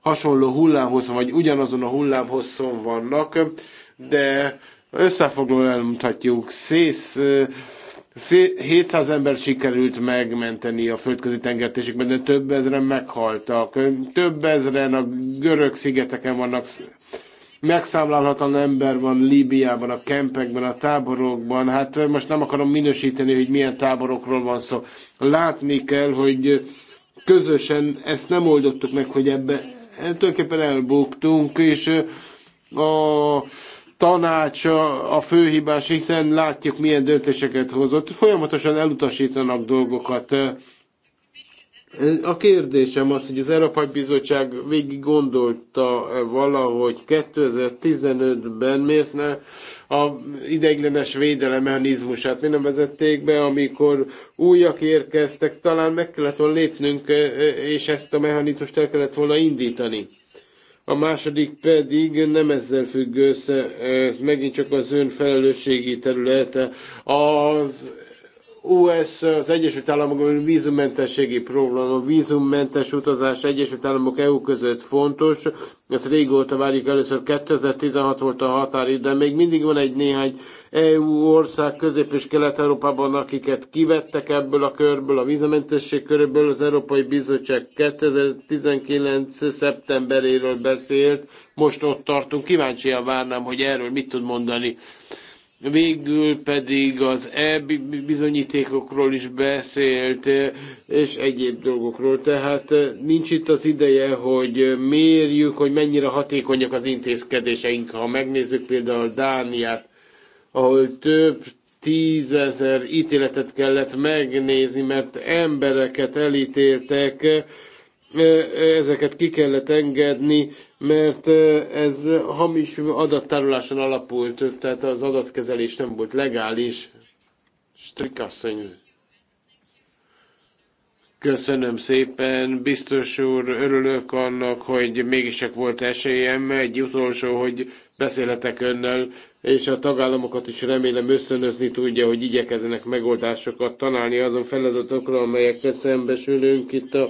hasonló hullámhoz, vagy ugyanazon a hullámhosszon vannak, de összefoglalva elmondhatjuk, szész 700 ember sikerült megmenteni a földközi tengertésükben, de több ezren meghaltak. Több ezren a görög szigeteken vannak, megszámlálhatatlan ember van Líbiában, a kempekben, a táborokban. Hát most nem akarom minősíteni, hogy milyen táborokról van szó. Látni kell, hogy közösen ezt nem oldottuk meg, hogy ebbe tulajdonképpen elbuktunk, és a tanácsa a főhibás, hiszen látjuk, milyen döntéseket hozott. Folyamatosan elutasítanak dolgokat. A kérdésem az, hogy az Európai Bizottság végig gondolta valahogy 2015-ben miért ne a ideiglenes védelem mechanizmusát mi nem vezették be, amikor újak érkeztek, talán meg kellett volna lépnünk, és ezt a mechanizmust el kellett volna indítani. A második pedig nem ezzel függ össze, ez megint csak az ön felelősségi területe. Az US, az Egyesült Államok vízummentességi program, a vízummentes utazás Egyesült Államok EU között fontos. Ezt régóta várjuk először, 2016 volt a határidő, de még mindig van egy néhány EU ország Közép- és Kelet-Európában, akiket kivettek ebből a körből, a vízamentesség köréből az Európai Bizottság 2019. szeptemberéről beszélt, most ott tartunk, kíváncsian várnám, hogy erről mit tud mondani. Végül pedig az e-bizonyítékokról is beszélt, és egyéb dolgokról. Tehát e, nincs itt az ideje, hogy mérjük, hogy mennyire hatékonyak az intézkedéseink. Ha megnézzük például Dániát, ahol több tízezer ítéletet kellett megnézni, mert embereket elítéltek, ezeket ki kellett engedni, mert ez hamis adattároláson alapult, tehát az adatkezelés nem volt legális. Strikasszony. Köszönöm szépen, biztos úr, örülök annak, hogy mégiscsak volt esélyem. Egy utolsó, hogy beszéletek önnel, és a tagállamokat is remélem ösztönözni tudja, hogy igyekezzenek megoldásokat találni azon feladatokra, amelyekkel szembesülünk itt a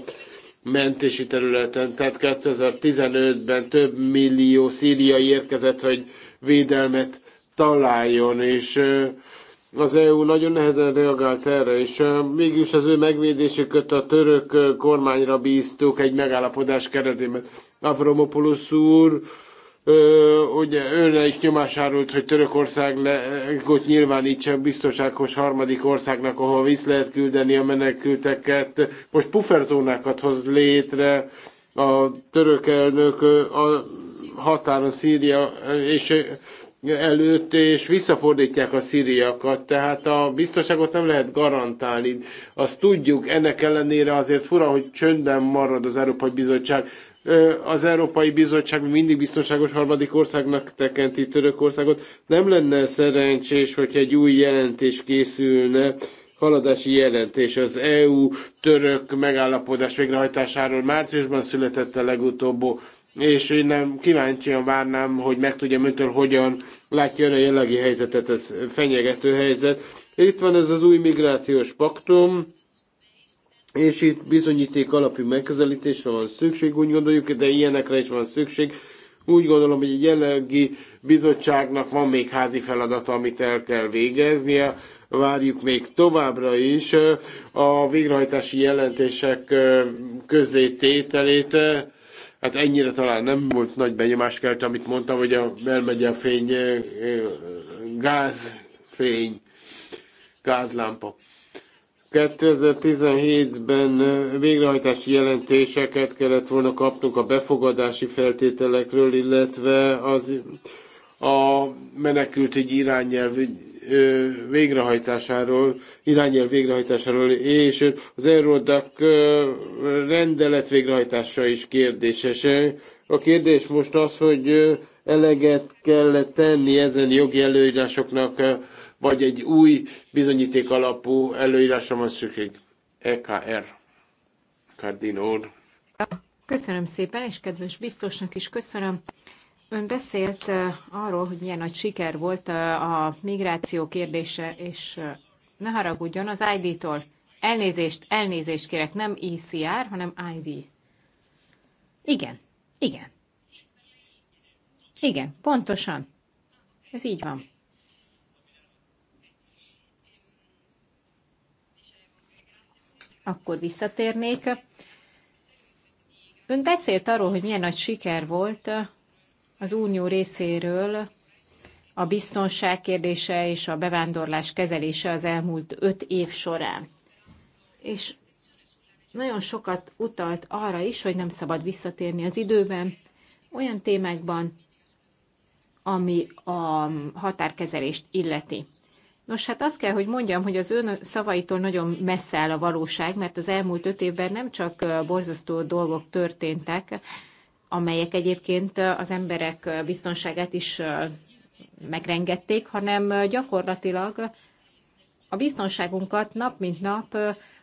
mentési területen. Tehát 2015-ben több millió szíriai érkezett, hogy védelmet találjon, és az EU nagyon nehezen reagált erre, és mégis az ő megvédésüket a török kormányra bíztuk egy megállapodás keretében. Avromopoulos úr Ö, ugye önre is nyomásárult, hogy Törökország ott nyilvánítsa biztonságos harmadik országnak, ahol vissza lehet küldeni a menekülteket. Most pufferzónákat hoz létre a török elnök a határon Szíria és előtt, és visszafordítják a szíriakat, tehát a biztonságot nem lehet garantálni. Azt tudjuk, ennek ellenére azért fura, hogy csöndben marad az Európai Bizottság az Európai Bizottság mindig biztonságos harmadik országnak tekinti Törökországot. Nem lenne szerencsés, hogy egy új jelentés készülne, haladási jelentés az EU-török megállapodás végrehajtásáról márciusban született a legutóbb, és én nem kíváncsian várnám, hogy megtudjam öntől, hogyan látja a jelenlegi helyzetet, ez fenyegető helyzet. Itt van ez az új migrációs paktum, és itt bizonyíték alapú megközelítésre van szükség, úgy gondoljuk, de ilyenekre is van szükség. Úgy gondolom, hogy egy jelenlegi bizottságnak van még házi feladata, amit el kell végeznie. Várjuk még továbbra is a végrehajtási jelentések közzétételét. Hát ennyire talán nem volt nagy benyomás kelt, amit mondtam, hogy a, elmegy a fény, gázfény, gázlámpa 2017-ben végrehajtási jelentéseket kellett volna kapnunk a befogadási feltételekről, illetve az a menekültügyi irányelv végrehajtásáról, irányelv végrehajtásáról, és az Eurodac rendelet végrehajtása is kérdéses. A kérdés most az, hogy eleget kell tenni ezen jogi előírásoknak, vagy egy új bizonyíték alapú előírásra van szükség? EKR. Cardino Köszönöm szépen, és kedves biztosnak is köszönöm. Ön beszélt arról, hogy milyen nagy siker volt a migráció kérdése, és ne haragudjon az ID-tól. Elnézést, elnézést kérek, nem ECR, hanem ID. Igen, igen. Igen, pontosan. Ez így van. akkor visszatérnék. Ön beszélt arról, hogy milyen nagy siker volt az Unió részéről a biztonság kérdése és a bevándorlás kezelése az elmúlt öt év során. És nagyon sokat utalt arra is, hogy nem szabad visszatérni az időben olyan témákban, ami a határkezelést illeti. Nos, hát azt kell, hogy mondjam, hogy az ön szavaitól nagyon messze áll a valóság, mert az elmúlt öt évben nem csak borzasztó dolgok történtek, amelyek egyébként az emberek biztonságát is megrengették, hanem gyakorlatilag a biztonságunkat nap mint nap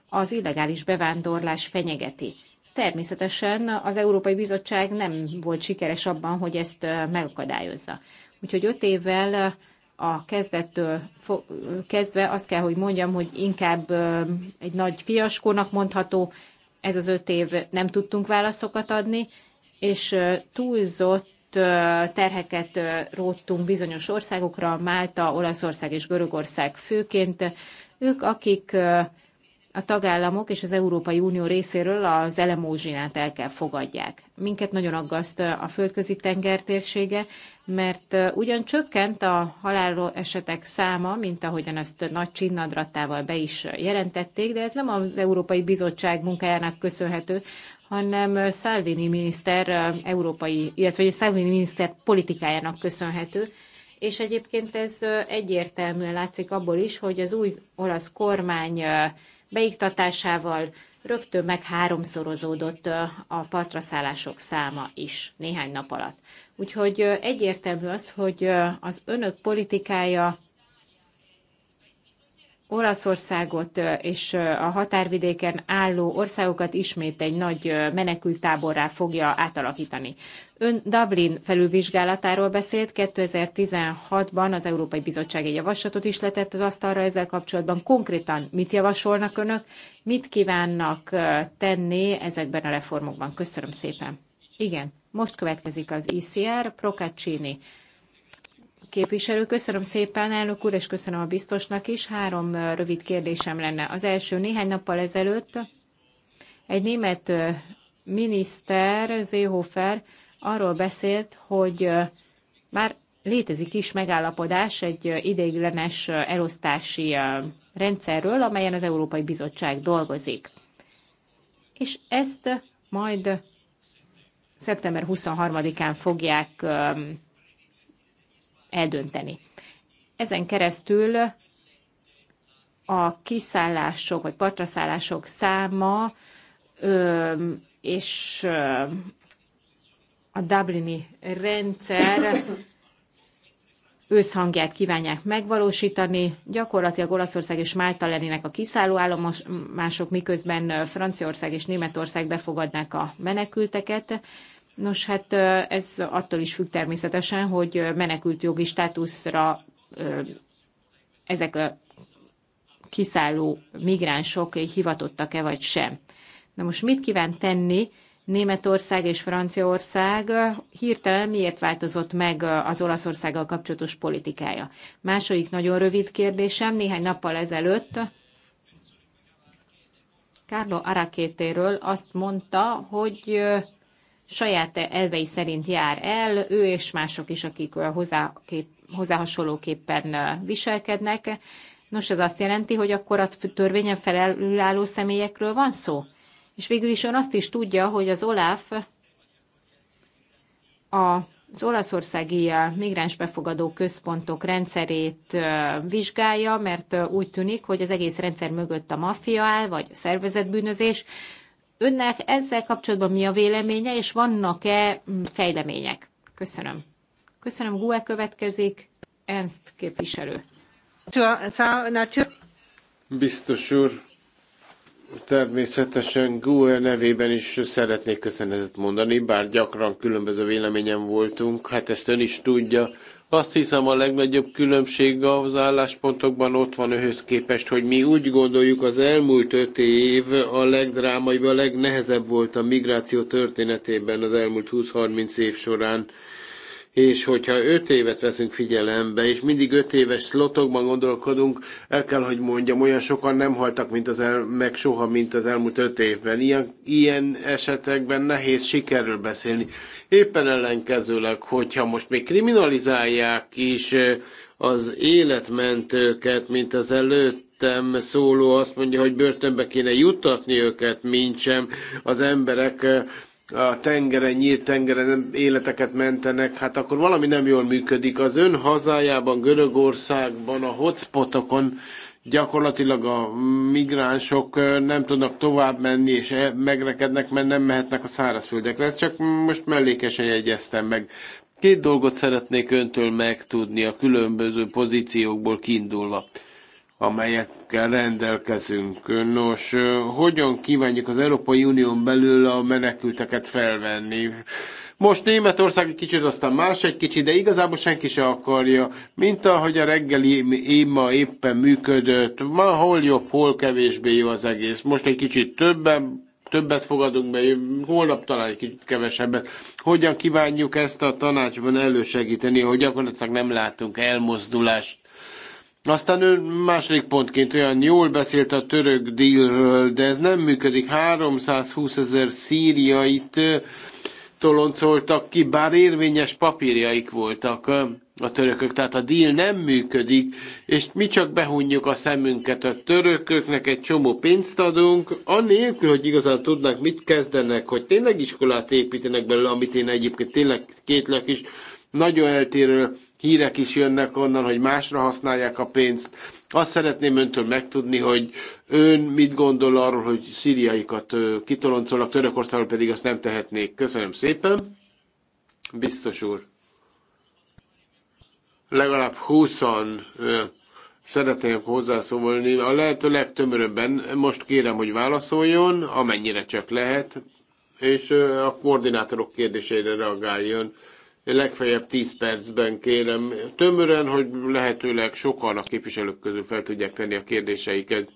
az illegális bevándorlás fenyegeti. Természetesen az Európai Bizottság nem volt sikeres abban, hogy ezt megakadályozza. Úgyhogy öt évvel a kezdettől kezdve azt kell, hogy mondjam, hogy inkább egy nagy fiaskónak mondható, ez az öt év nem tudtunk válaszokat adni, és túlzott terheket róttunk bizonyos országokra, Málta, Olaszország és Görögország főként. Ők, akik a tagállamok és az Európai Unió részéről az elemózsinát el kell fogadják. Minket nagyon aggaszt a földközi tenger térsége, mert ugyan csökkent a esetek száma, mint ahogyan ezt nagy csinnadratával be is jelentették, de ez nem az Európai Bizottság munkájának köszönhető, hanem Salvini miniszter európai, illetve Salvini miniszter politikájának köszönhető, és egyébként ez egyértelműen látszik abból is, hogy az új olasz kormány beiktatásával rögtön meg háromszorozódott a patraszállások száma is néhány nap alatt. Úgyhogy egyértelmű az, hogy az önök politikája Olaszországot és a határvidéken álló országokat ismét egy nagy menekültáborrá fogja átalakítani. Ön Dublin felülvizsgálatáról beszélt, 2016-ban az Európai Bizottság egy javaslatot is letett az asztalra ezzel kapcsolatban. Konkrétan mit javasolnak önök, mit kívánnak tenni ezekben a reformokban? Köszönöm szépen. Igen, most következik az ICR, e Procaccini képviselő. Köszönöm szépen, elnök úr, és köszönöm a biztosnak is. Három rövid kérdésem lenne. Az első néhány nappal ezelőtt egy német miniszter, Zéhofer, arról beszélt, hogy már létezik is megállapodás egy ideiglenes elosztási rendszerről, amelyen az Európai Bizottság dolgozik. És ezt majd szeptember 23-án fogják eldönteni. Ezen keresztül a kiszállások vagy partraszállások száma és a Dublini rendszer összhangját kívánják megvalósítani. Gyakorlatilag Olaszország és Málta lennének a kiszálló állomások, miközben Franciaország és Németország befogadnák a menekülteket. Nos, hát ez attól is függ természetesen, hogy menekült jogi státuszra ezek a kiszálló migránsok hivatottak-e vagy sem. Na most mit kíván tenni Németország és Franciaország hirtelen miért változott meg az Olaszországgal kapcsolatos politikája? Második nagyon rövid kérdésem, néhány nappal ezelőtt Carlo Arakétéről azt mondta, hogy saját elvei szerint jár el, ő és mások is, akik hozzá, kép, hozzá hasonlóképpen viselkednek. Nos, ez azt jelenti, hogy akkor a törvényen felülálló személyekről van szó? És végül is ön azt is tudja, hogy az OLAF a az olaszországi migráns befogadó központok rendszerét vizsgálja, mert úgy tűnik, hogy az egész rendszer mögött a maffia áll, vagy a szervezetbűnözés. Önnek ezzel kapcsolatban mi a véleménye, és vannak-e mm, fejlemények? Köszönöm. Köszönöm, Gue következik. Ernst képviselő. Biztos úr, természetesen Gue nevében is szeretnék köszönetet mondani, bár gyakran különböző véleményen voltunk, hát ezt ön is tudja. Azt hiszem a legnagyobb különbség az álláspontokban ott van őhöz képest, hogy mi úgy gondoljuk az elmúlt öt év a legdrámaibb, a legnehezebb volt a migráció történetében az elmúlt 20-30 év során és hogyha öt évet veszünk figyelembe, és mindig öt éves szlotokban gondolkodunk, el kell, hogy mondjam, olyan sokan nem haltak mint az el, meg soha, mint az elmúlt öt évben. Ilyen, ilyen esetekben nehéz sikerről beszélni. Éppen ellenkezőleg, hogyha most még kriminalizálják is az életmentőket, mint az előtt, szóló azt mondja, hogy börtönbe kéne juttatni őket, mint sem az emberek a tengeren, nyílt tengeren életeket mentenek, hát akkor valami nem jól működik. Az ön hazájában, Görögországban, a hotspotokon gyakorlatilag a migránsok nem tudnak tovább menni, és e, megrekednek, mert nem mehetnek a szárazföldekre. Ezt csak most mellékesen jegyeztem meg. Két dolgot szeretnék öntől megtudni a különböző pozíciókból kiindulva amelyekkel rendelkezünk. Nos, hogyan kívánjuk az Európai Unión belül a menekülteket felvenni? Most Németország egy kicsit, aztán más egy kicsit, de igazából senki se akarja, mint ahogy a reggeli éma éppen működött. Ma hol jobb, hol kevésbé jó az egész. Most egy kicsit többen, többet fogadunk be, holnap talán egy kicsit kevesebbet. Hogyan kívánjuk ezt a tanácsban elősegíteni, hogy gyakorlatilag nem látunk elmozdulást aztán ön második pontként olyan jól beszélt a török dílről, de ez nem működik. 320 ezer szíriait toloncoltak ki, bár érvényes papírjaik voltak a törökök, tehát a díl nem működik, és mi csak behunjuk a szemünket a törököknek, egy csomó pénzt adunk, anélkül, hogy igazán tudnák, mit kezdenek, hogy tényleg iskolát építenek belőle, amit én egyébként tényleg kétlek is, nagyon eltérő hírek is jönnek onnan, hogy másra használják a pénzt. Azt szeretném öntől megtudni, hogy ön mit gondol arról, hogy szíriaikat kitoloncolnak, Törökországról pedig azt nem tehetnék. Köszönöm szépen. Biztos úr. Legalább húszan szeretnék hozzászólni. A lehető legtömörebben most kérem, hogy válaszoljon, amennyire csak lehet, és a koordinátorok kérdésére reagáljon legfeljebb 10 percben kérem tömören, hogy lehetőleg sokan a képviselők közül fel tudják tenni a kérdéseiket.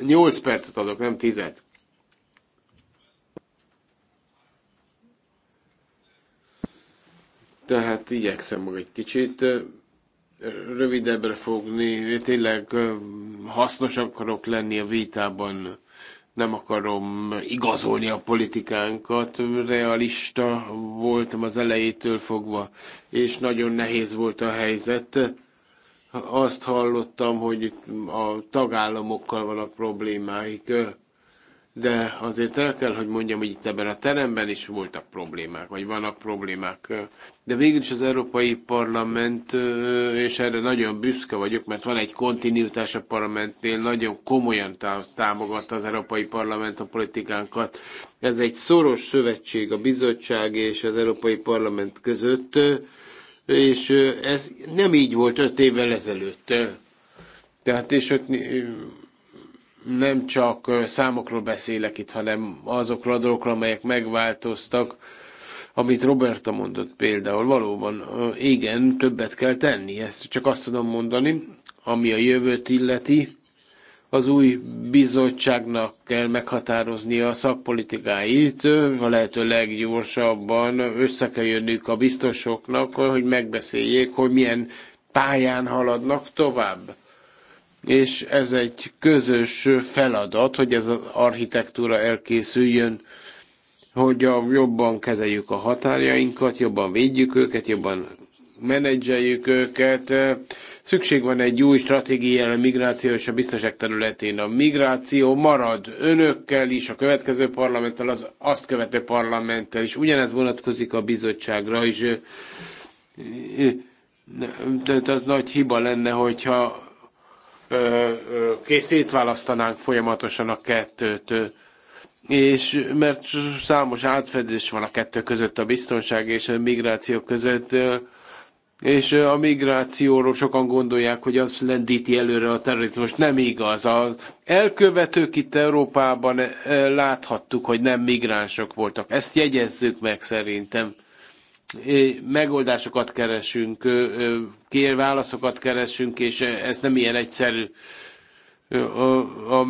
8 percet adok, nem 10-et. Tehát igyekszem meg egy kicsit rövidebbre fogni, tényleg hasznos akarok lenni a vitában nem akarom igazolni a politikánkat, realista voltam az elejétől fogva, és nagyon nehéz volt a helyzet. Azt hallottam, hogy a tagállamokkal vannak problémáik, de azért el kell, hogy mondjam, hogy itt ebben a teremben is voltak problémák, vagy vannak problémák. De végül is az Európai Parlament, és erre nagyon büszke vagyok, mert van egy kontinuitás a parlamentnél, nagyon komolyan támogatta az Európai Parlament a politikánkat. Ez egy szoros szövetség a bizottság és az Európai Parlament között, és ez nem így volt öt évvel ezelőtt. Tehát és ott nem csak számokról beszélek itt, hanem azokról a dolgokról, amelyek megváltoztak, amit Roberta mondott például, valóban igen, többet kell tenni, ezt csak azt tudom mondani, ami a jövőt illeti, az új bizottságnak kell meghatározni a szakpolitikáit, a lehető leggyorsabban össze kell jönnünk a biztosoknak, hogy megbeszéljék, hogy milyen pályán haladnak tovább és ez egy közös feladat, hogy ez az architektúra elkészüljön, hogy a, jobban kezeljük a határjainkat, jobban védjük őket, jobban menedzseljük őket. Szükség van egy új stratégiára a migráció és a biztonság területén. A migráció marad önökkel is, a következő parlamenttel, az azt követő parlamenttel is. Ugyanez vonatkozik a bizottságra is. Tehát nagy hiba lenne, hogyha szétválasztanánk folyamatosan a kettőt. És mert számos átfedés van a kettő között, a biztonság és a migráció között, és a migrációról sokan gondolják, hogy az lendíti előre a terrorizmus. Nem igaz. Az elkövetők itt Európában láthattuk, hogy nem migránsok voltak. Ezt jegyezzük meg szerintem megoldásokat keresünk, kér válaszokat keresünk, és ez nem ilyen egyszerű. A, a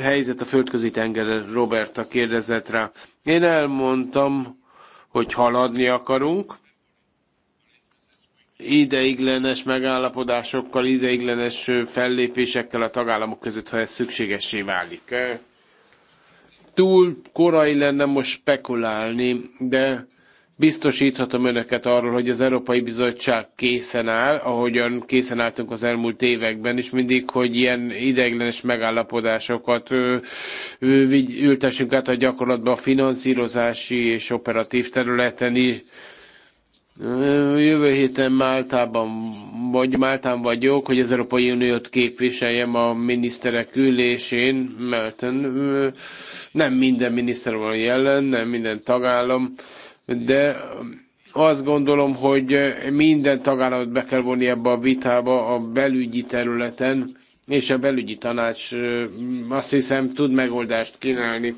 helyzet a földközi tengeren, Roberta kérdezett rá. Én elmondtam, hogy haladni akarunk, ideiglenes megállapodásokkal, ideiglenes fellépésekkel a tagállamok között, ha ez szükségessé válik. Túl korai lenne most spekulálni, de Biztosíthatom önöket arról, hogy az Európai Bizottság készen áll, ahogyan készen álltunk az elmúlt években is mindig, hogy ilyen ideiglenes megállapodásokat ültessünk át a gyakorlatban a finanszírozási és operatív területen is. Jövő héten Máltában vagy Máltán vagyok, hogy az Európai Uniót képviseljem a miniszterek ülésén, mert nem minden miniszter van jelen, nem minden tagállam de azt gondolom, hogy minden tagállamot be kell vonni ebbe a vitába a belügyi területen, és a belügyi tanács azt hiszem tud megoldást kínálni.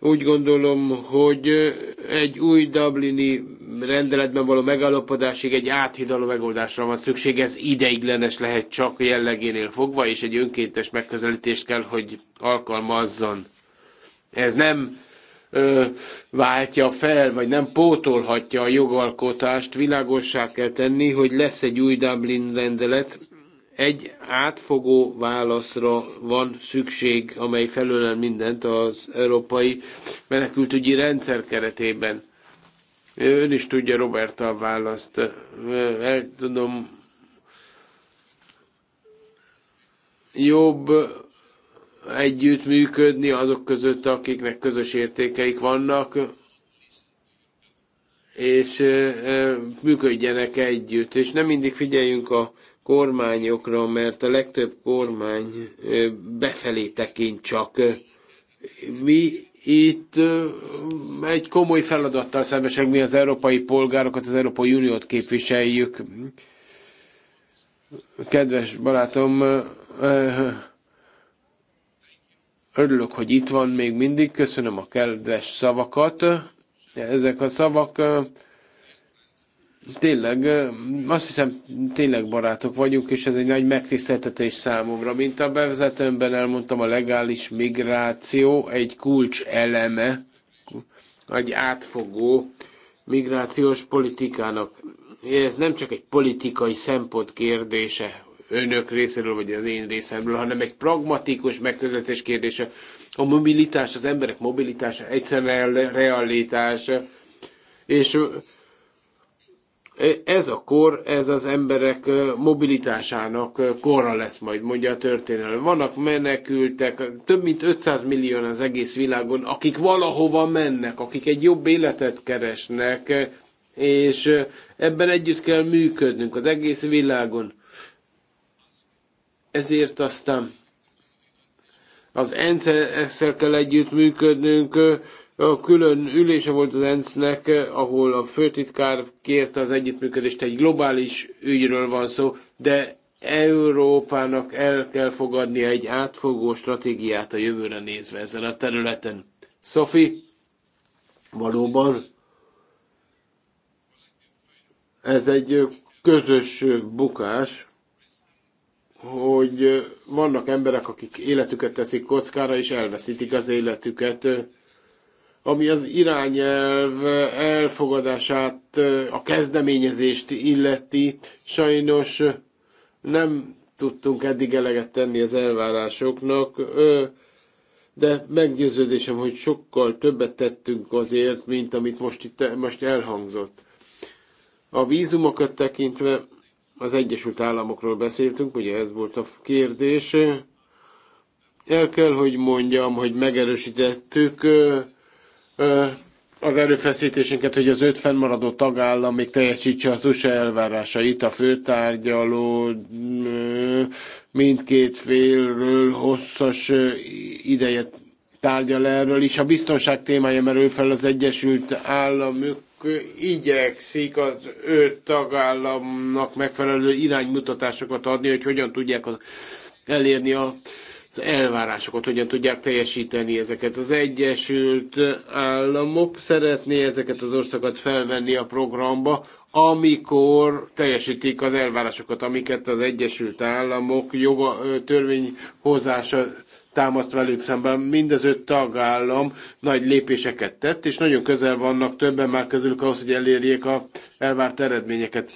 Úgy gondolom, hogy egy új Dublini rendeletben való megállapodásig egy áthidaló megoldásra van szükség, ez ideiglenes lehet csak jellegénél fogva, és egy önkéntes megközelítést kell, hogy alkalmazzon. Ez nem ö, váltja fel, vagy nem pótolhatja a jogalkotást. Világossá kell tenni, hogy lesz egy új Dublin rendelet, egy átfogó válaszra van szükség, amely felölel mindent az európai menekültügyi rendszer keretében. Ön is tudja Roberta, a választ. El tudom jobb együttműködni azok között, akiknek közös értékeik vannak, és működjenek együtt. És nem mindig figyeljünk a kormányokra, mert a legtöbb kormány befelé tekint csak. Mi itt egy komoly feladattal szembesek, mi az európai polgárokat, az Európai Uniót képviseljük. Kedves barátom, Örülök, hogy itt van még mindig. Köszönöm a kedves szavakat. Ezek a szavak tényleg, azt hiszem, tényleg barátok vagyunk, és ez egy nagy megtiszteltetés számomra. Mint a bevezetőmben elmondtam, a legális migráció egy kulcs eleme, egy átfogó migrációs politikának. Ez nem csak egy politikai szempont kérdése, önök részéről, vagy az én részemről, hanem egy pragmatikus megközelítés kérdése. A mobilitás, az emberek mobilitása egyszerűen realitása, és ez a kor, ez az emberek mobilitásának korra lesz majd, mondja a történelem. Vannak menekültek, több mint 500 millió az egész világon, akik valahova mennek, akik egy jobb életet keresnek, és ebben együtt kell működnünk az egész világon. Ezért aztán az ENSZ-szel kell együtt működnünk. Külön ülése volt az ENSZ-nek, ahol a főtitkár kérte az együttműködést. Egy globális ügyről van szó, de Európának el kell fogadni egy átfogó stratégiát a jövőre nézve ezen a területen. Szofi, valóban ez egy közös bukás, hogy vannak emberek, akik életüket teszik kockára, és elveszítik az életüket, ami az irányelv elfogadását, a kezdeményezést illeti. Sajnos nem tudtunk eddig eleget tenni az elvárásoknak, de meggyőződésem, hogy sokkal többet tettünk azért, mint amit most itt most elhangzott. A vízumokat tekintve az Egyesült Államokról beszéltünk, ugye ez volt a kérdés. El kell, hogy mondjam, hogy megerősítettük az erőfeszítésünket, hogy az öt fennmaradó tagállam még teljesítse az USA elvárásait, a főtárgyaló mindkét félről hosszas ideje tárgyal erről is. A biztonság témája merül fel az Egyesült Államok igyekszik az ő tagállamnak megfelelő iránymutatásokat adni, hogy hogyan tudják az, elérni a az elvárásokat, hogyan tudják teljesíteni ezeket. Az Egyesült Államok szeretné ezeket az országokat felvenni a programba, amikor teljesítik az elvárásokat, amiket az Egyesült Államok joga, törvényhozása támaszt velük szemben. Mind az öt tagállam nagy lépéseket tett, és nagyon közel vannak többen már közülük ahhoz, hogy elérjék a elvárt eredményeket.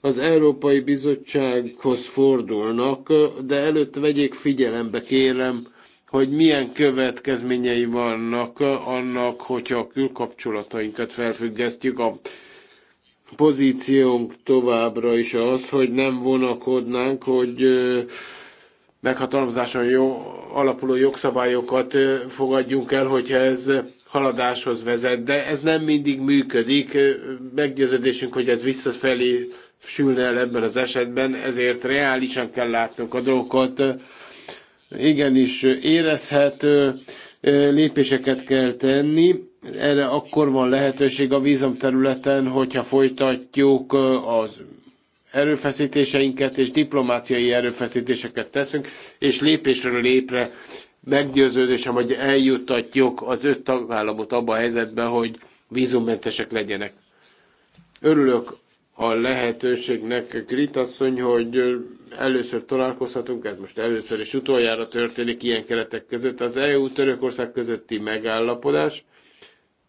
Az Európai Bizottsághoz fordulnak, de előtt vegyék figyelembe, kérem, hogy milyen következményei vannak annak, hogyha a külkapcsolatainkat felfüggesztjük a pozíciónk továbbra is az, hogy nem vonakodnánk, hogy meghatalmazáson jó, alapuló jogszabályokat fogadjunk el, hogyha ez haladáshoz vezet, de ez nem mindig működik. Meggyőződésünk, hogy ez visszafelé sülne el ebben az esetben, ezért reálisan kell látnunk a dolgokat. Igenis érezhető lépéseket kell tenni, erre akkor van lehetőség a vízom területen, hogyha folytatjuk az erőfeszítéseinket és diplomáciai erőfeszítéseket teszünk, és lépésről lépre meggyőződésem, hogy eljuttatjuk az öt tagállamot abba a helyzetbe, hogy vízummentesek legyenek. Örülök a lehetőségnek, Krit asszony, hogy először találkozhatunk, ez most először és utoljára történik ilyen keretek között. Az EU-Törökország közötti megállapodás,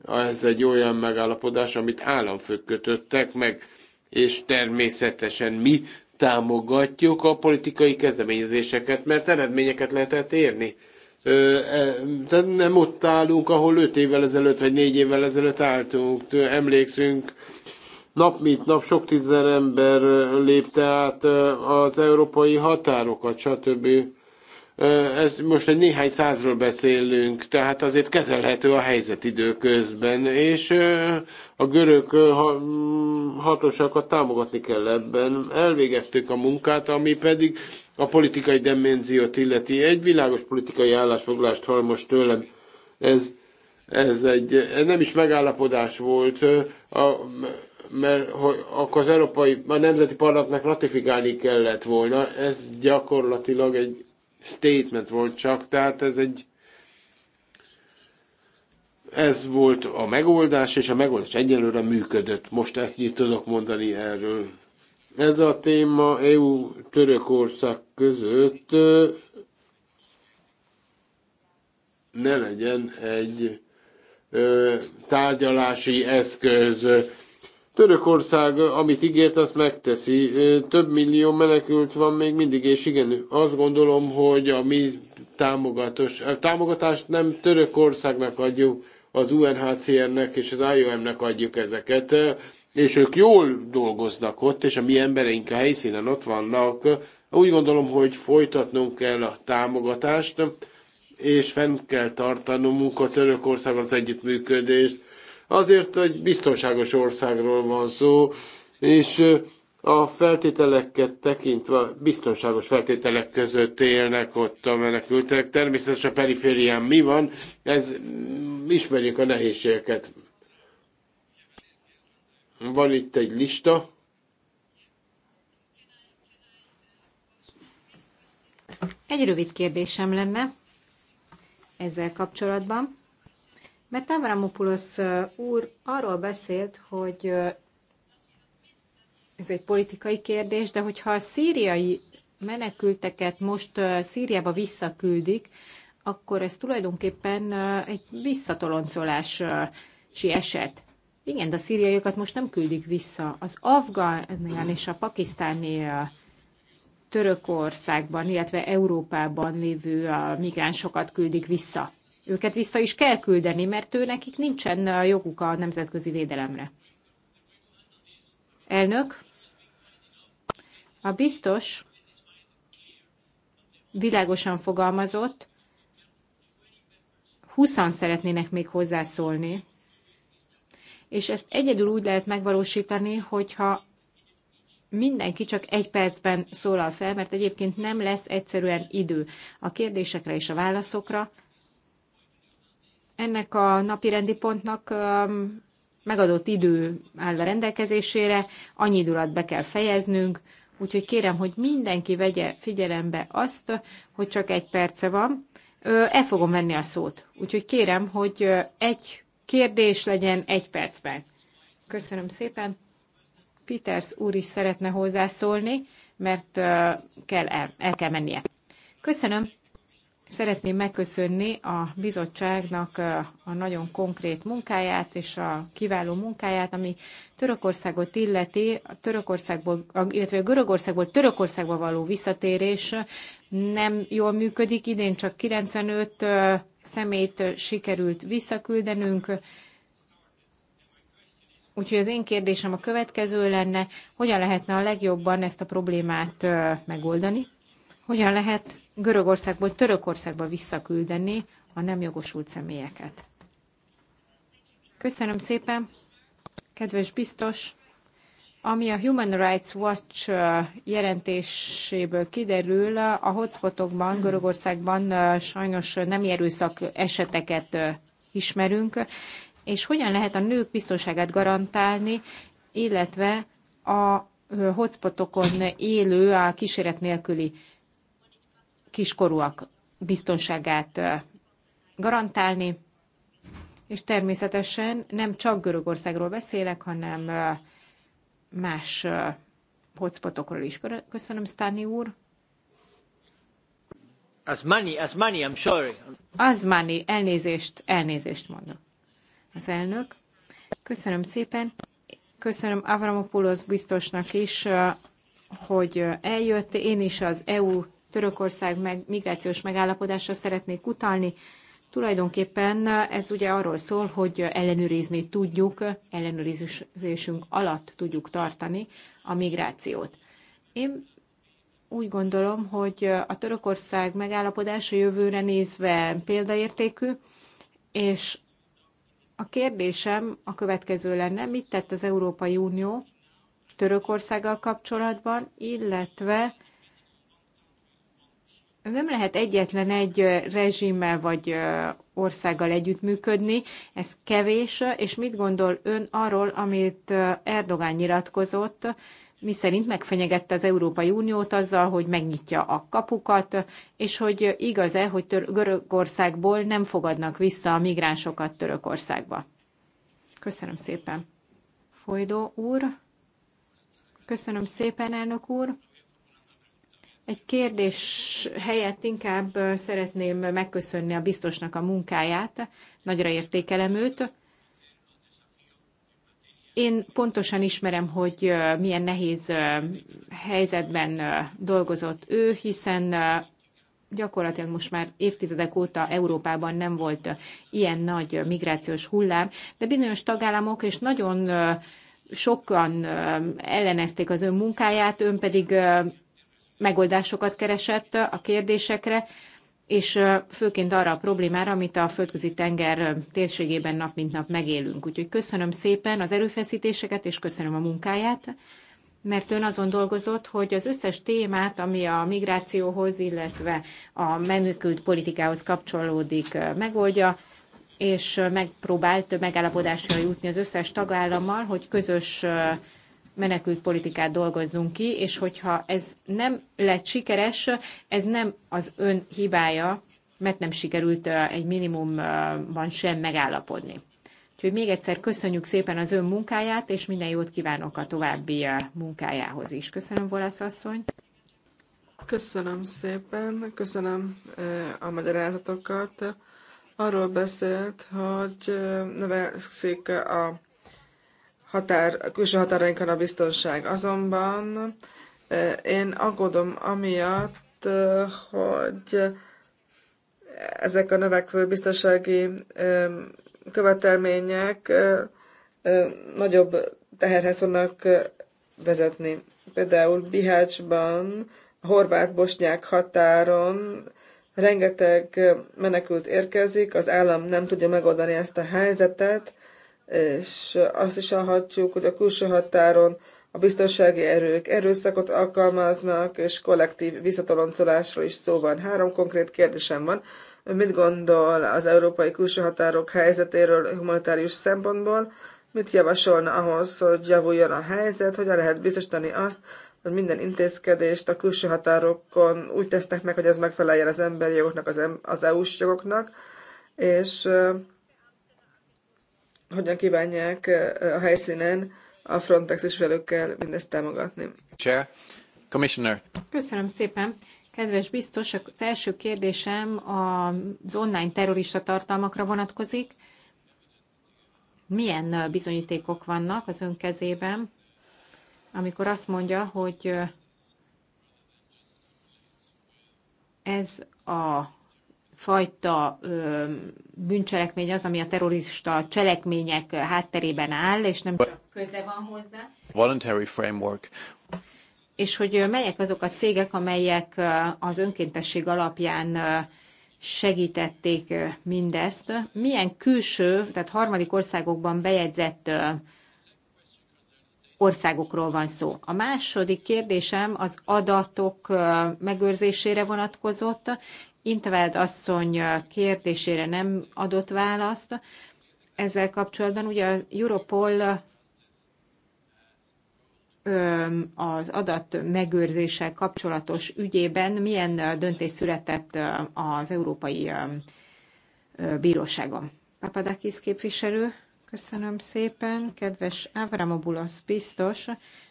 ez egy olyan megállapodás, amit államfők kötöttek meg és természetesen mi támogatjuk a politikai kezdeményezéseket, mert eredményeket lehetett érni. E, tehát nem ott állunk, ahol 5 évvel ezelőtt, vagy 4 évvel ezelőtt álltunk. Emlékszünk, nap mint nap sok tízezer ember lépte át az európai határokat, stb ez most egy néhány százról beszélünk, tehát azért kezelhető a helyzet időközben, és a görög mm, hatóságokat támogatni kell ebben. Elvégeztük a munkát, ami pedig a politikai dimenziót illeti. Egy világos politikai állásfoglást hall most tőlem. Ez, ez egy ez nem is megállapodás volt, a, mert hogy akkor az európai, a nemzeti parlamentnek ratifikálni kellett volna. Ez gyakorlatilag egy statement volt csak, tehát ez egy ez volt a megoldás, és a megoldás egyelőre működött. Most ezt nyit tudok mondani erről. Ez a téma EU-Törökország között ne legyen egy tárgyalási eszköz Törökország, amit ígért, azt megteszi. Több millió menekült van még mindig, és igen, azt gondolom, hogy a mi támogatós, a támogatást nem Törökországnak adjuk, az UNHCR-nek és az IOM-nek adjuk ezeket, és ők jól dolgoznak ott, és a mi embereink a helyszínen ott vannak. Úgy gondolom, hogy folytatnunk kell a támogatást, és fenn kell tartanunk a Törökországon az együttműködést, Azért, hogy biztonságos országról van szó, és a feltételeket tekintve biztonságos feltételek között élnek ott a menekültek. Természetesen a periférián mi van, ez mm, ismerjük a nehézségeket. Van itt egy lista. Egy rövid kérdésem lenne ezzel kapcsolatban. Mert Avramopoulos úr arról beszélt, hogy ez egy politikai kérdés, de hogyha a szíriai menekülteket most Szíriába visszaküldik, akkor ez tulajdonképpen egy visszatoloncolási eset. Igen, de a szíriaiokat most nem küldik vissza. Az afgán és a pakisztáni Törökországban, illetve Európában lévő migránsokat küldik vissza őket vissza is kell küldeni, mert ő nekik nincsen joguk a nemzetközi védelemre. Elnök, a biztos világosan fogalmazott, 20 szeretnének még hozzászólni, és ezt egyedül úgy lehet megvalósítani, hogyha mindenki csak egy percben szólal fel, mert egyébként nem lesz egyszerűen idő a kérdésekre és a válaszokra, ennek a napi rendi pontnak megadott idő áll a rendelkezésére, annyi idő alatt be kell fejeznünk, úgyhogy kérem, hogy mindenki vegye figyelembe azt, hogy csak egy perce van. El fogom venni a szót, úgyhogy kérem, hogy egy kérdés legyen egy percben. Köszönöm szépen. Peters úr is szeretne hozzászólni, mert kell el, el kell mennie. Köszönöm. Szeretném megköszönni a bizottságnak a nagyon konkrét munkáját és a kiváló munkáját, ami Törökországot illeti, a Törökországból, illetve a Görögországból Törökországba való visszatérés nem jól működik. Idén csak 95 szemét sikerült visszaküldenünk, Úgyhogy az én kérdésem a következő lenne, hogyan lehetne a legjobban ezt a problémát megoldani? Hogyan lehet Görögországból Törökországba visszaküldeni a nem jogosult személyeket. Köszönöm szépen, kedves biztos! Ami a Human Rights Watch jelentéséből kiderül, a hotspotokban, Görögországban sajnos nem erőszak eseteket ismerünk, és hogyan lehet a nők biztonságát garantálni, illetve a hotspotokon élő, a kíséret nélküli kiskorúak biztonságát garantálni, és természetesen nem csak Görögországról beszélek, hanem más hotspotokról is. Köszönöm, Stani úr. az money, az money, I'm sorry. Az money, elnézést, elnézést mondom. Az elnök. Köszönöm szépen. Köszönöm Avramopoulos biztosnak is, hogy eljött. Én is az EU Törökország meg, migrációs megállapodásra szeretnék utalni. Tulajdonképpen ez ugye arról szól, hogy ellenőrizni tudjuk, ellenőrizésünk alatt tudjuk tartani a migrációt. Én úgy gondolom, hogy a Törökország megállapodása jövőre nézve példaértékű, és a kérdésem a következő lenne, mit tett az Európai Unió Törökországgal kapcsolatban, illetve nem lehet egyetlen egy rezsimmel vagy országgal együttműködni, ez kevés, és mit gondol ön arról, amit Erdogán nyilatkozott, miszerint megfenyegette az Európai Uniót azzal, hogy megnyitja a kapukat, és hogy igaz-e, hogy tör- Görögországból nem fogadnak vissza a migránsokat Törökországba. Köszönöm szépen. Folydó úr. Köszönöm szépen, elnök úr. Egy kérdés helyett inkább szeretném megköszönni a biztosnak a munkáját, nagyra értékelem őt. Én pontosan ismerem, hogy milyen nehéz helyzetben dolgozott ő, hiszen gyakorlatilag most már évtizedek óta Európában nem volt ilyen nagy migrációs hullám, de bizonyos tagállamok és nagyon sokan ellenezték az ön munkáját, ön pedig megoldásokat keresett a kérdésekre, és főként arra a problémára, amit a földközi tenger térségében nap mint nap megélünk. Úgyhogy köszönöm szépen az erőfeszítéseket, és köszönöm a munkáját, mert ön azon dolgozott, hogy az összes témát, ami a migrációhoz, illetve a menőkült politikához kapcsolódik, megoldja, és megpróbált megállapodásra jutni az összes tagállammal, hogy közös menekült politikát dolgozzunk ki, és hogyha ez nem lett sikeres, ez nem az ön hibája, mert nem sikerült egy minimumban sem megállapodni. Úgyhogy még egyszer köszönjük szépen az ön munkáját, és minden jót kívánok a további munkájához is. Köszönöm, Volasz asszony. Köszönöm szépen, köszönöm a magyarázatokat. Arról beszélt, hogy növekszik a határ, külső határainkon a biztonság. Azonban én aggódom amiatt, hogy ezek a növekvő biztonsági követelmények nagyobb teherhez fognak vezetni. Például Bihácsban, a horvát-bosnyák határon rengeteg menekült érkezik, az állam nem tudja megoldani ezt a helyzetet, és azt is hallhatjuk, hogy a külső határon a biztonsági erők erőszakot alkalmaznak, és kollektív visszatoloncolásról is szó van. Három konkrét kérdésem van. Ön mit gondol az európai külső határok helyzetéről humanitárius szempontból? Mit javasolna ahhoz, hogy javuljon a helyzet? Hogyan lehet biztosítani azt, hogy minden intézkedést a külső határokon úgy tesznek meg, hogy ez megfeleljen az emberi jogoknak, az, az EU-s jogoknak? És hogyan kívánják a helyszínen a Frontex és velük kell mindezt támogatni. Chair, Commissioner. Köszönöm szépen. Kedves biztos, az első kérdésem az online terrorista tartalmakra vonatkozik. Milyen bizonyítékok vannak az ön kezében, amikor azt mondja, hogy ez a fajta ö, bűncselekmény az, ami a terrorista cselekmények hátterében áll, és nem csak köze van hozzá. Voluntary framework. És hogy melyek azok a cégek, amelyek az önkéntesség alapján segítették mindezt. Milyen külső, tehát harmadik országokban bejegyzett országokról van szó. A második kérdésem az adatok megőrzésére vonatkozott, Intveld asszony kérdésére nem adott választ. Ezzel kapcsolatban ugye a Europol az adat megőrzéssel kapcsolatos ügyében milyen döntés született az Európai Bíróságon. Papadakis képviselő, köszönöm szépen. Kedves Avramobulos biztos,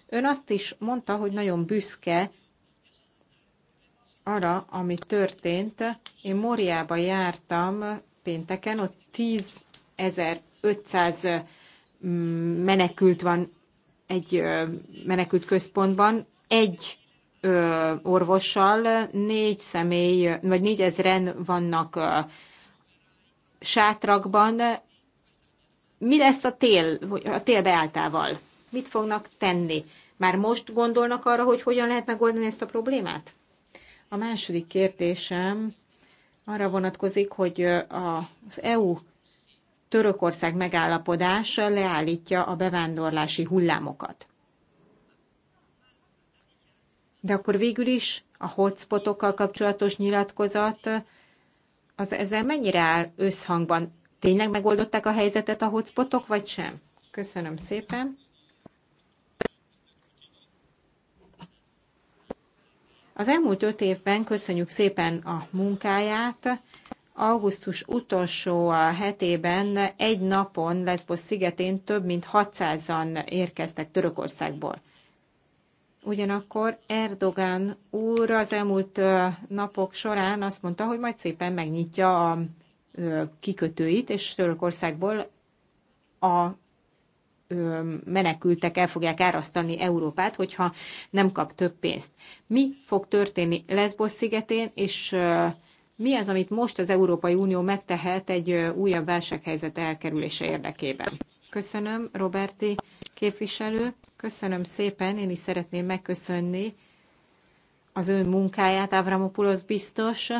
ön azt is mondta, hogy nagyon büszke arra, ami történt. Én Moriába jártam pénteken, ott 10.500 mm, menekült van egy menekült központban, egy orvossal, négy személy, vagy négy ezren vannak sátrakban. Mi lesz a tél, a tél beáltával? Mit fognak tenni? Már most gondolnak arra, hogy hogyan lehet megoldani ezt a problémát? A második kérdésem arra vonatkozik, hogy az EU Törökország megállapodása leállítja a bevándorlási hullámokat. De akkor végül is a hotspotokkal kapcsolatos nyilatkozat, az ezzel mennyire áll összhangban? Tényleg megoldották a helyzetet a hotspotok, vagy sem? Köszönöm szépen. Az elmúlt öt évben köszönjük szépen a munkáját. Augusztus utolsó hetében egy napon Lesbos szigetén több mint 600-an érkeztek Törökországból. Ugyanakkor Erdogan úr az elmúlt napok során azt mondta, hogy majd szépen megnyitja a kikötőit, és Törökországból a menekültek el fogják árasztani Európát, hogyha nem kap több pénzt. Mi fog történni Lesbos szigetén, és mi az, amit most az Európai Unió megtehet egy újabb válsághelyzet elkerülése érdekében? Köszönöm, Roberti képviselő. Köszönöm szépen, én is szeretném megköszönni az ön munkáját, Avramopoulos biztos,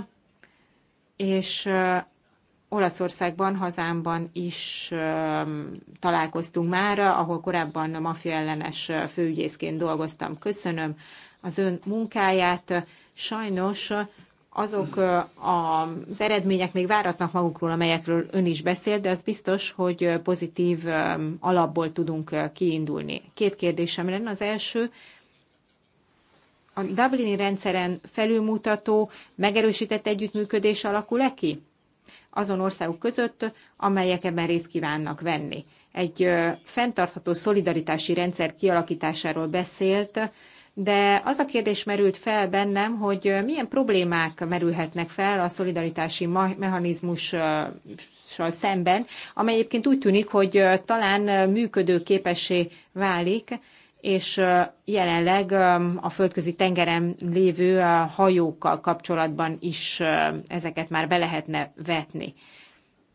és Olaszországban, hazámban is találkoztunk már, ahol korábban mafiaellenes főügyészként dolgoztam. Köszönöm az ön munkáját. Sajnos azok az eredmények még váratnak magukról, amelyekről ön is beszélt, de az biztos, hogy pozitív alapból tudunk kiindulni. Két kérdésem lenne. Az első, a Dublini rendszeren felülmutató, megerősített együttműködés alakul-e ki? azon országok között, amelyek ebben részt kívánnak venni. Egy fenntartható szolidaritási rendszer kialakításáról beszélt, de az a kérdés merült fel bennem, hogy milyen problémák merülhetnek fel a szolidaritási mechanizmussal szemben, amely egyébként úgy tűnik, hogy talán működőképessé válik, és jelenleg a földközi tengeren lévő hajókkal kapcsolatban is ezeket már be lehetne vetni.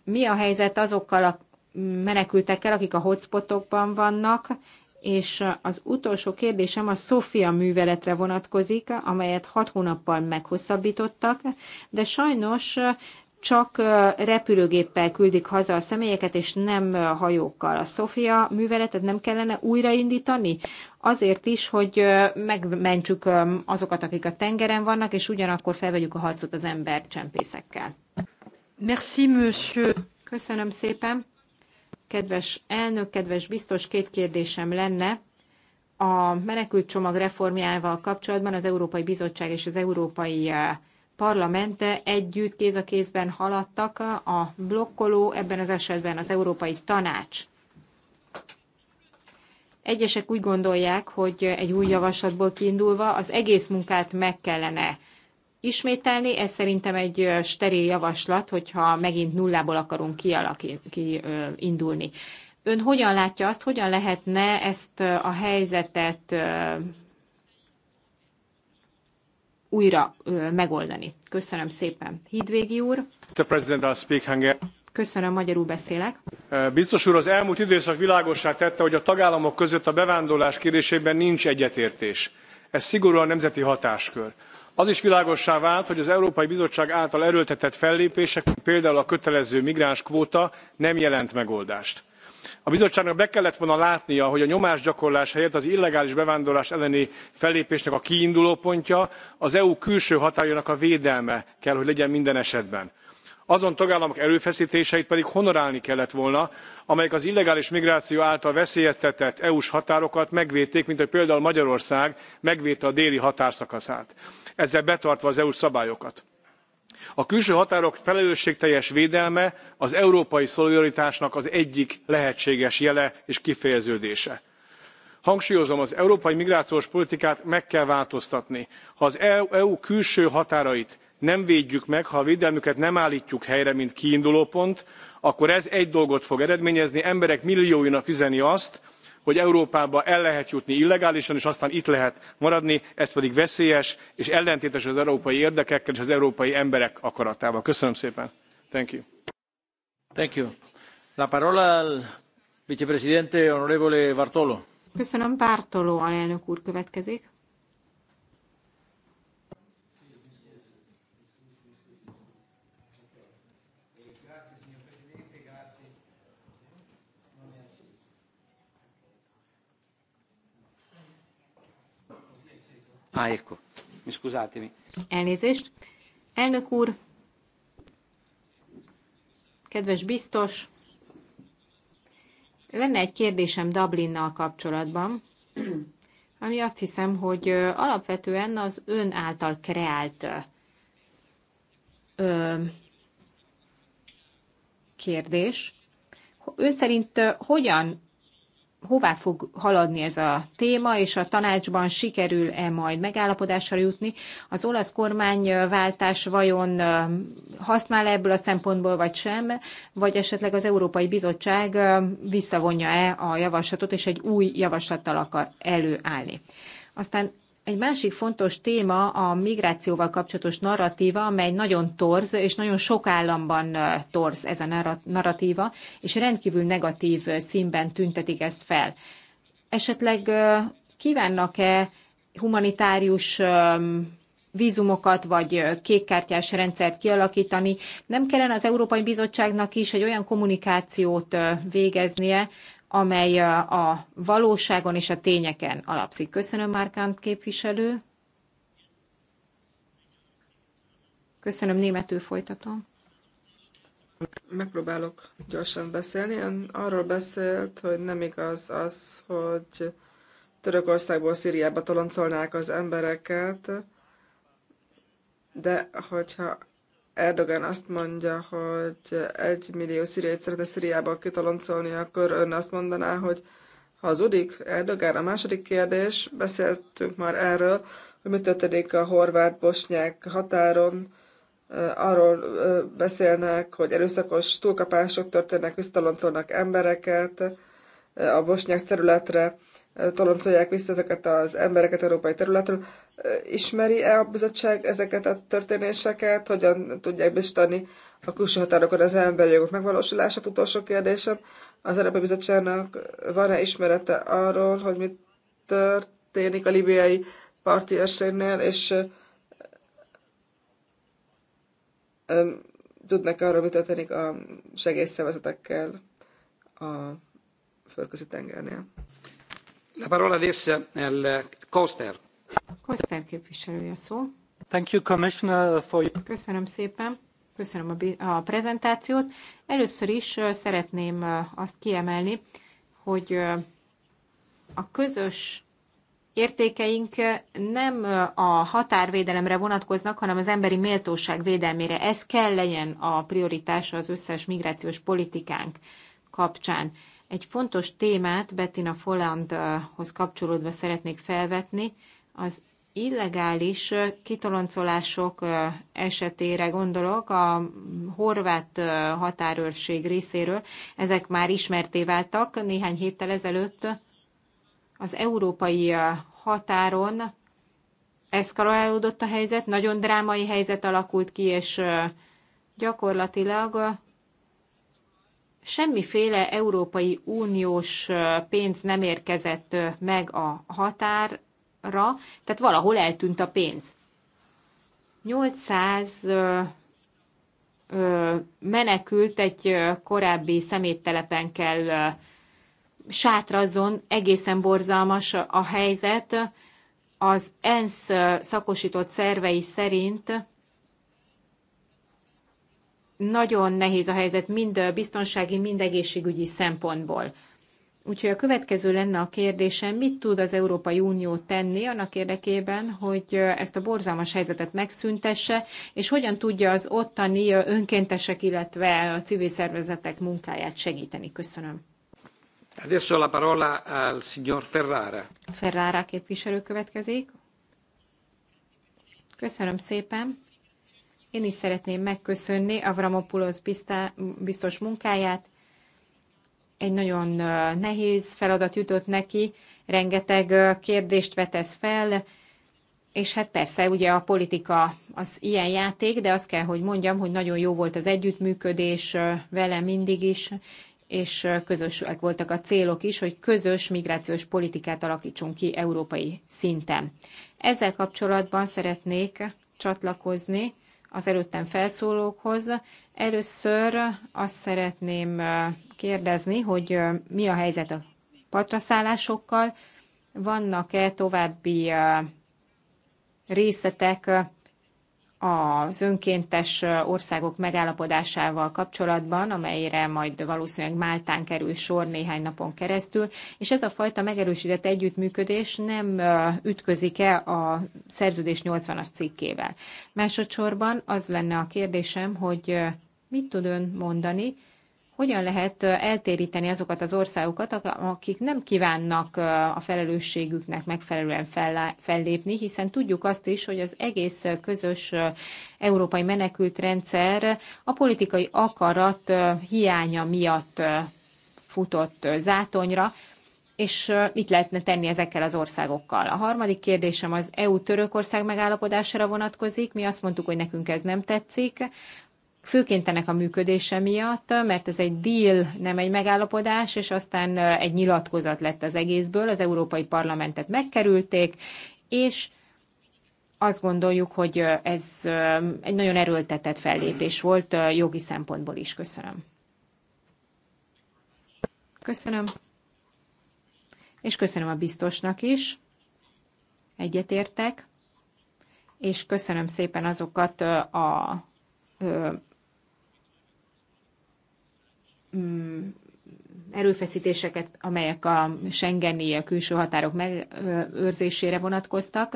Mi a helyzet azokkal a menekültekkel, akik a hotspotokban vannak, és az utolsó kérdésem a Sofia műveletre vonatkozik, amelyet hat hónappal meghosszabbítottak, de sajnos csak repülőgéppel küldik haza a személyeket, és nem hajókkal. A Sofia műveletet nem kellene újraindítani? Azért is, hogy megmentsük azokat, akik a tengeren vannak, és ugyanakkor felvegyük a harcot az ember csempészekkel. Merci, monsieur. Köszönöm szépen. Kedves elnök, kedves biztos, két kérdésem lenne. A menekültcsomag reformjával kapcsolatban az Európai Bizottság és az Európai parlamente együtt kéz a kézben haladtak, a blokkoló ebben az esetben az Európai Tanács. Egyesek úgy gondolják, hogy egy új javaslatból kiindulva az egész munkát meg kellene ismételni. Ez szerintem egy steril javaslat, hogyha megint nullából akarunk kiindulni. Ön hogyan látja azt, hogyan lehetne ezt a helyzetet újra megoldani. Köszönöm szépen. Hídvégi úr. Mr. President, Köszönöm, magyarul beszélek. Biztos úr, az elmúlt időszak világossá tette, hogy a tagállamok között a bevándorlás kérdésében nincs egyetértés. Ez szigorúan nemzeti hatáskör. Az is világossá vált, hogy az Európai Bizottság által erőltetett fellépések, például a kötelező migráns kvóta nem jelent megoldást a bizottságnak be kellett volna látnia hogy a nyomásgyakorlás helyett az illegális bevándorlás elleni fellépésnek a kiindulópontja az eu külső határainak a védelme kell hogy legyen minden esetben azon tagállamok erőfesztéseit pedig honorálni kellett volna amelyek az illegális migráció által veszélyeztetett eu s határokat megvédték mint ahogy például magyarország megvédte a déli határszakaszát ezzel betartva az eu s szabályokat a külső határok felelősségteljes védelme az európai szolidaritásnak az egyik lehetséges jele és kifejeződése. hangsúlyozom az európai migrációs politikát meg kell változtatni. ha az eu e külső határait nem védjük meg ha a védelmüket nem álltjuk helyre mint kiindulópont akkor ez egy dolgot fog eredményezni emberek millióinak üzeni azt hogy európába el lehet jutni illegálisan és aztán itt lehet maradni ez pedig veszélyes és ellentétes az európai érdekekkel és az európai emberek akaratával. köszönöm szépen! Thank you. Thank you. La parola al vicepresidente honorevole Bartolo. Köszönöm, Bartolo alelnök úr következik. Ah, ecco. Mi scusatemi. Elnézést. Elnök úr, kedves biztos, lenne egy kérdésem Dublinnal kapcsolatban, ami azt hiszem, hogy alapvetően az ön által kreált kérdés. Ön szerint hogyan hová fog haladni ez a téma, és a tanácsban sikerül-e majd megállapodásra jutni. Az olasz kormányváltás vajon használ -e ebből a szempontból, vagy sem, vagy esetleg az Európai Bizottság visszavonja-e a javaslatot, és egy új javaslattal akar előállni. Aztán egy másik fontos téma a migrációval kapcsolatos narratíva, amely nagyon torz, és nagyon sok államban torz ez a narratíva, és rendkívül negatív színben tüntetik ezt fel. Esetleg kívánnak-e humanitárius vízumokat vagy kékkártyás rendszert kialakítani. Nem kellene az Európai Bizottságnak is egy olyan kommunikációt végeznie, amely a valóságon és a tényeken alapszik. Köszönöm, Márkánt képviselő. Köszönöm, németű folytatom. Megpróbálok gyorsan beszélni. Ön arról beszélt, hogy nem igaz az, hogy Törökországból Szíriába toloncolnák az embereket, de hogyha Erdogan azt mondja, hogy egy millió szíriait szeretne Szíriába kitoloncolni, akkor ön azt mondaná, hogy hazudik Erdogan? A második kérdés, beszéltünk már erről, hogy mi történik a horvát-bosnyák határon, arról beszélnek, hogy erőszakos túlkapások történnek, visszataloncolnak embereket a bosnyák területre toloncolják vissza ezeket az embereket európai területről. Ismeri-e a bizottság ezeket a történéseket? Hogyan tudják biztosítani a külső határokon az emberi jogok megvalósulását? Utolsó kérdésem. Az Európai Bizottságnak van-e ismerete arról, hogy mi történik a libiai parti őrségnél, és tudnak arról, mi történik a segélyszervezetekkel a földközi tengernél. La parola adesso al Koster. Koster képviselője szó. Thank you, Commissioner, for you. Köszönöm szépen. Köszönöm a, a prezentációt. Először is szeretném azt kiemelni, hogy a közös értékeink nem a határvédelemre vonatkoznak, hanem az emberi méltóság védelmére. Ez kell legyen a prioritása az összes migrációs politikánk kapcsán. Egy fontos témát Bettina Follandhoz kapcsolódva szeretnék felvetni, az illegális kitoloncolások esetére gondolok a horvát határőrség részéről. Ezek már ismerté váltak néhány héttel ezelőtt az európai határon eszkalálódott a helyzet, nagyon drámai helyzet alakult ki, és gyakorlatilag semmiféle Európai Uniós pénz nem érkezett meg a határra, tehát valahol eltűnt a pénz. 800 menekült egy korábbi szeméttelepen kell sátrazon, egészen borzalmas a helyzet. Az ENSZ szakosított szervei szerint nagyon nehéz a helyzet mind a biztonsági, mind egészségügyi szempontból. Úgyhogy a következő lenne a kérdésem, mit tud az Európai Unió tenni annak érdekében, hogy ezt a borzalmas helyzetet megszüntesse, és hogyan tudja az ottani önkéntesek, illetve a civil szervezetek munkáját segíteni? Köszönöm. Adesso la parola al signor Ferrara. Ferrara képviselő következik. Köszönöm szépen. Én is szeretném megköszönni Avramopoulos biztos munkáját. Egy nagyon nehéz feladat jutott neki, rengeteg kérdést vetesz fel, és hát persze ugye a politika az ilyen játék, de azt kell, hogy mondjam, hogy nagyon jó volt az együttműködés vele mindig is, és közösek voltak a célok is, hogy közös migrációs politikát alakítsunk ki európai szinten. Ezzel kapcsolatban szeretnék csatlakozni az előttem felszólókhoz. Először azt szeretném kérdezni, hogy mi a helyzet a patraszállásokkal, vannak-e további részletek az önkéntes országok megállapodásával kapcsolatban, amelyre majd valószínűleg Máltán kerül sor néhány napon keresztül, és ez a fajta megerősített együttműködés nem ütközik-e a szerződés 80-as cikkével. Másodszorban az lenne a kérdésem, hogy mit tud ön mondani hogyan lehet eltéríteni azokat az országokat, akik nem kívánnak a felelősségüknek megfelelően fellépni, hiszen tudjuk azt is, hogy az egész közös európai menekültrendszer a politikai akarat hiánya miatt futott zátonyra, és mit lehetne tenni ezekkel az országokkal. A harmadik kérdésem az EU-Törökország megállapodására vonatkozik. Mi azt mondtuk, hogy nekünk ez nem tetszik főként ennek a működése miatt, mert ez egy deal, nem egy megállapodás, és aztán egy nyilatkozat lett az egészből, az Európai Parlamentet megkerülték, és azt gondoljuk, hogy ez egy nagyon erőltetett fellépés volt jogi szempontból is. Köszönöm. Köszönöm. És köszönöm a biztosnak is. Egyetértek. És köszönöm szépen azokat a erőfeszítéseket, amelyek a Schengeni külső határok megőrzésére vonatkoztak,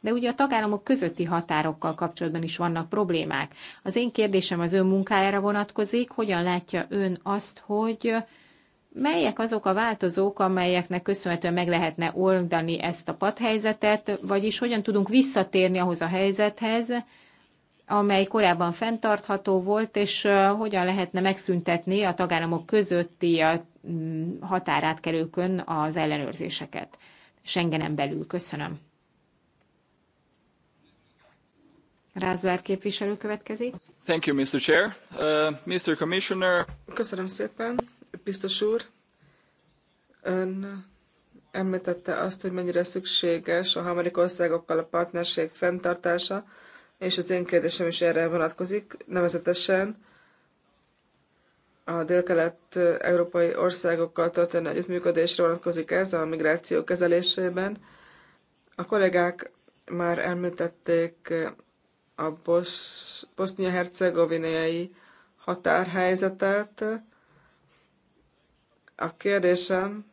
de ugye a tagállamok közötti határokkal kapcsolatban is vannak problémák. Az én kérdésem az ön munkájára vonatkozik, hogyan látja ön azt, hogy melyek azok a változók, amelyeknek köszönhetően meg lehetne oldani ezt a padhelyzetet, vagyis hogyan tudunk visszatérni ahhoz a helyzethez, amely korábban fenntartható volt, és hogyan lehetne megszüntetni a tagállamok közötti a határátkelőkön az ellenőrzéseket. Schengenen belül. Köszönöm. Rázler képviselő következik. Thank you, Mr. Chair. Uh, Mr. Commissioner. Köszönöm szépen, biztos úr. Ön említette azt, hogy mennyire szükséges a harmadik országokkal a partnerség fenntartása és az én kérdésem is erre vonatkozik, nevezetesen a dél-kelet-európai országokkal történő együttműködésre vonatkozik ez a migráció kezelésében. A kollégák már említették a bosznia-hercegovinai határhelyzetet. A kérdésem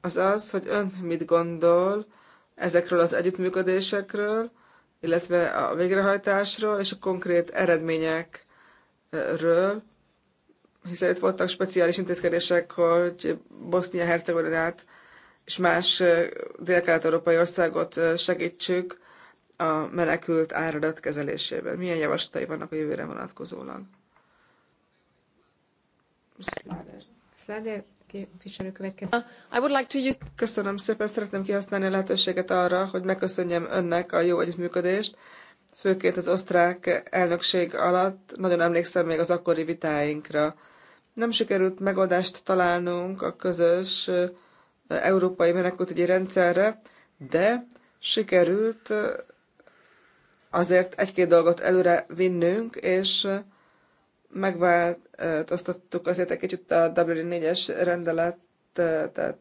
az az, hogy ön mit gondol, ezekről az együttműködésekről, illetve a végrehajtásról és a konkrét eredményekről, hiszen itt voltak speciális intézkedések, hogy Bosznia-Hercegovinát és más dél-kelet-európai országot segítsük a menekült áradat kezelésében. Milyen javaslatai vannak a jövőre vonatkozólag? Szláder. Szláder képviselő következő. I would like to use... Köszönöm szépen, szeretném kihasználni a lehetőséget arra, hogy megköszönjem önnek a jó együttműködést, főként az osztrák elnökség alatt. Nagyon emlékszem még az akkori vitáinkra. Nem sikerült megoldást találnunk a közös európai menekültügyi rendszerre, de sikerült azért egy-két dolgot előre vinnünk, és megváltoztattuk azért egy kicsit a W4-es rendeletet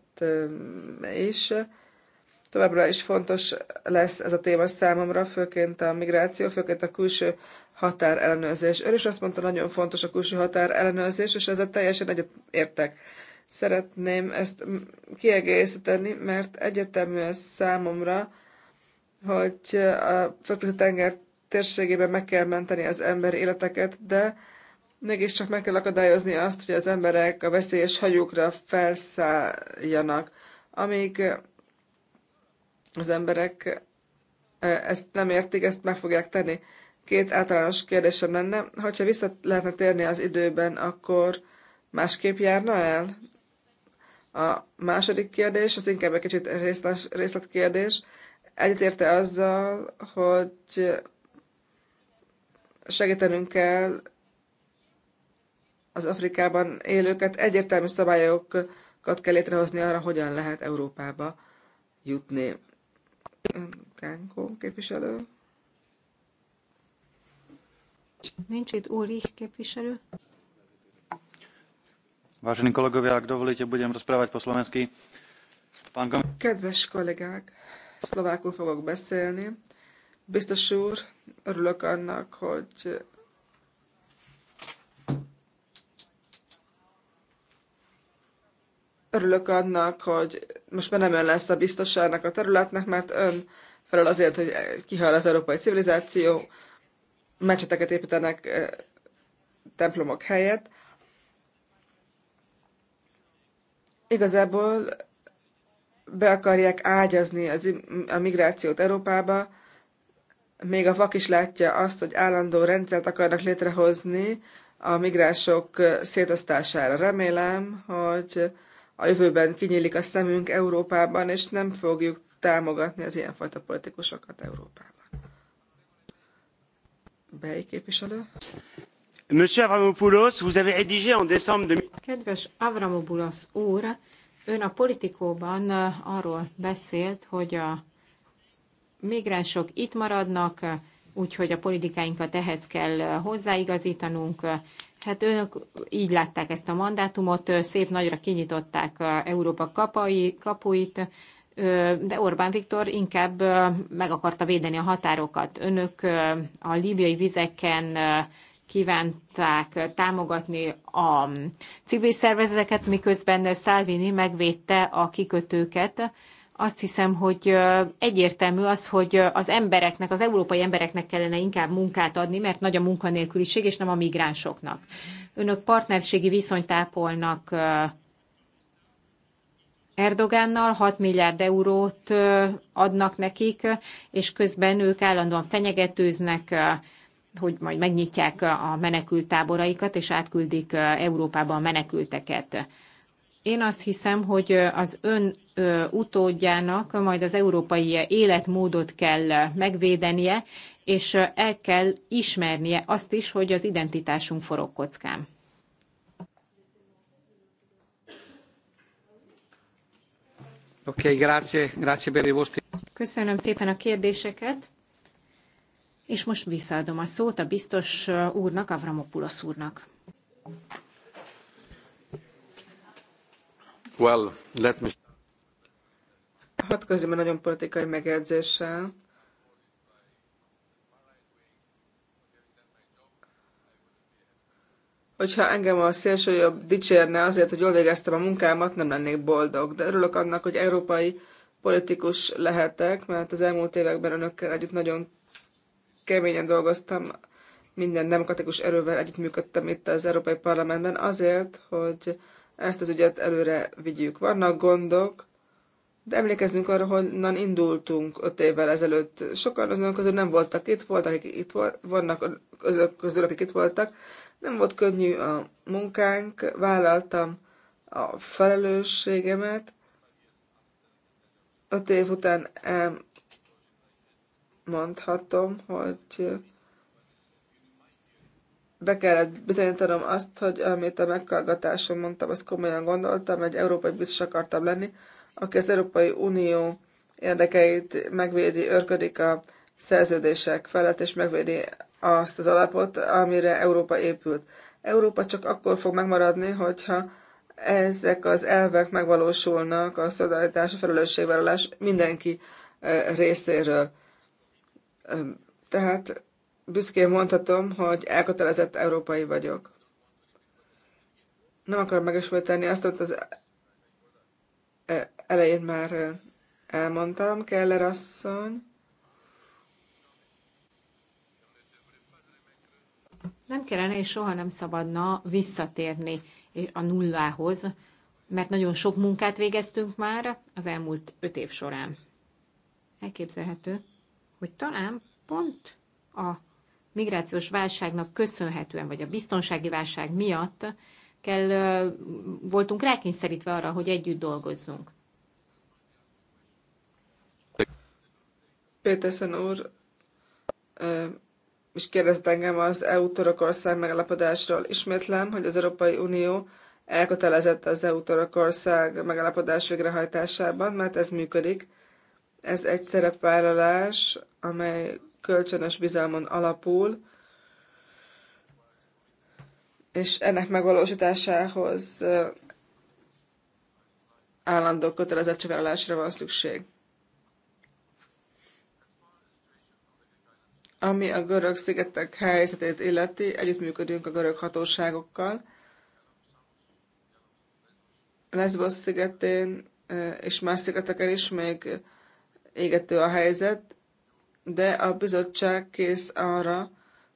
eh, is. Továbbra is fontos lesz ez a téma számomra, főként a migráció, főként a külső határ ellenőrzés. Ő is azt mondta, nagyon fontos a külső határ ellenőrzés, és ezzel teljesen egyet értek. Szeretném ezt kiegészíteni, mert egyetemű számomra, hogy a földközi tenger térségében meg kell menteni az ember életeket, de csak meg kell akadályozni azt, hogy az emberek a veszélyes hajókra felszálljanak. Amíg az emberek e, ezt nem értik, ezt meg fogják tenni. Két általános kérdésem lenne, hogyha vissza lehetne térni az időben, akkor másképp járna el? A második kérdés, az inkább egy kicsit részletkérdés. Egyetérte azzal, hogy segítenünk kell az Afrikában élőket, egyértelmű szabályokat kell létrehozni arra, hogyan lehet Európába jutni. Kánkó képviselő. Nincs itt Úri képviselő. Vážení kolegové, ak dovolíte, budem rozprávať po slovensky. Pán kom... Kedves kollégák, szlovákul fogok beszélni. Biztos úr, örülök annak, hogy örülök annak, hogy most már nem ön lesz a biztosának a területnek, mert ön felel azért, hogy kihal az európai civilizáció, mecseteket építenek templomok helyett. Igazából be akarják ágyazni az, a migrációt Európába, még a vak is látja azt, hogy állandó rendszert akarnak létrehozni a migránsok szétosztására. Remélem, hogy a jövőben kinyílik a szemünk Európában, és nem fogjuk támogatni az ilyenfajta politikusokat Európában. Bej képviselő? Monsieur Avramopoulos, vous avez rédigé en décembre de... Kedves Avramopoulos úr, ön a politikóban arról beszélt, hogy a migránsok itt maradnak, úgyhogy a politikáinkat ehhez kell hozzáigazítanunk, Hát önök így látták ezt a mandátumot, szép nagyra kinyitották a Európa kapai, kapuit, de Orbán Viktor inkább meg akarta védeni a határokat. Önök a líbiai vizeken kívánták támogatni a civil szervezeteket, miközben Salvini megvédte a kikötőket, azt hiszem, hogy egyértelmű az, hogy az embereknek, az európai embereknek kellene inkább munkát adni, mert nagy a munkanélküliség, és nem a migránsoknak. Önök partnerségi viszonyt ápolnak Erdogánnal 6 milliárd eurót adnak nekik, és közben ők állandóan fenyegetőznek, hogy majd megnyitják a menekült táboraikat, és átküldik Európába a menekülteket. Én azt hiszem, hogy az ön utódjának majd az európai életmódot kell megvédenie, és el kell ismernie azt is, hogy az identitásunk forog kockán. Okay, grazie, grazie per i vostri... Köszönöm szépen a kérdéseket, és most visszaadom a szót a biztos úrnak, Avramopulos úrnak. Hadd kezdjem egy nagyon politikai megjegyzéssel. hogyha engem a szélső jobb dicsérne azért, hogy jól végeztem a munkámat, nem lennék boldog. De örülök annak, hogy európai politikus lehetek, mert az elmúlt években önökkel együtt nagyon keményen dolgoztam, minden demokratikus erővel együtt működtem itt az Európai Parlamentben azért, hogy ezt az ügyet előre vigyük. Vannak gondok, de emlékezzünk arra, honnan indultunk öt évvel ezelőtt. Sokan azon közül nem voltak itt, voltak, akik itt volt, vannak azok közül, akik itt voltak. Nem volt könnyű a munkánk, vállaltam a felelősségemet. Öt év után mondhatom, hogy be kellett bizonyítanom azt, hogy amit a meghallgatáson mondtam, azt komolyan gondoltam, egy európai biztos akartam lenni, aki az Európai Unió érdekeit megvédi, örködik a szerződések felett, és megvédi azt az alapot, amire Európa épült. Európa csak akkor fog megmaradni, hogyha ezek az elvek megvalósulnak a szolidaritás, a felelősségvállalás mindenki eh, részéről. Tehát büszkén mondhatom, hogy elkötelezett európai vagyok. Nem akarom megismételni azt, amit az e, elején már elmondtam, Keller asszony. Nem kellene és soha nem szabadna visszatérni a nullához, mert nagyon sok munkát végeztünk már az elmúlt öt év során. Elképzelhető, hogy talán pont a migrációs válságnak köszönhetően, vagy a biztonsági válság miatt kell, voltunk rákényszerítve arra, hogy együtt dolgozzunk. Péterszen úr és kérdezte engem az EU-Törökország megállapodásról. Ismétlem, hogy az Európai Unió elkötelezett az EU-Törökország megállapodás végrehajtásában, mert ez működik. Ez egy szerepvállalás, amely kölcsönös bizalmon alapul, és ennek megvalósításához állandó kötelezettségvállalásra van szükség. Ami a görög szigetek helyzetét illeti, együttműködünk a görög hatóságokkal. Lesbos szigetén és más szigeteken is még égető a helyzet, de a bizottság kész arra,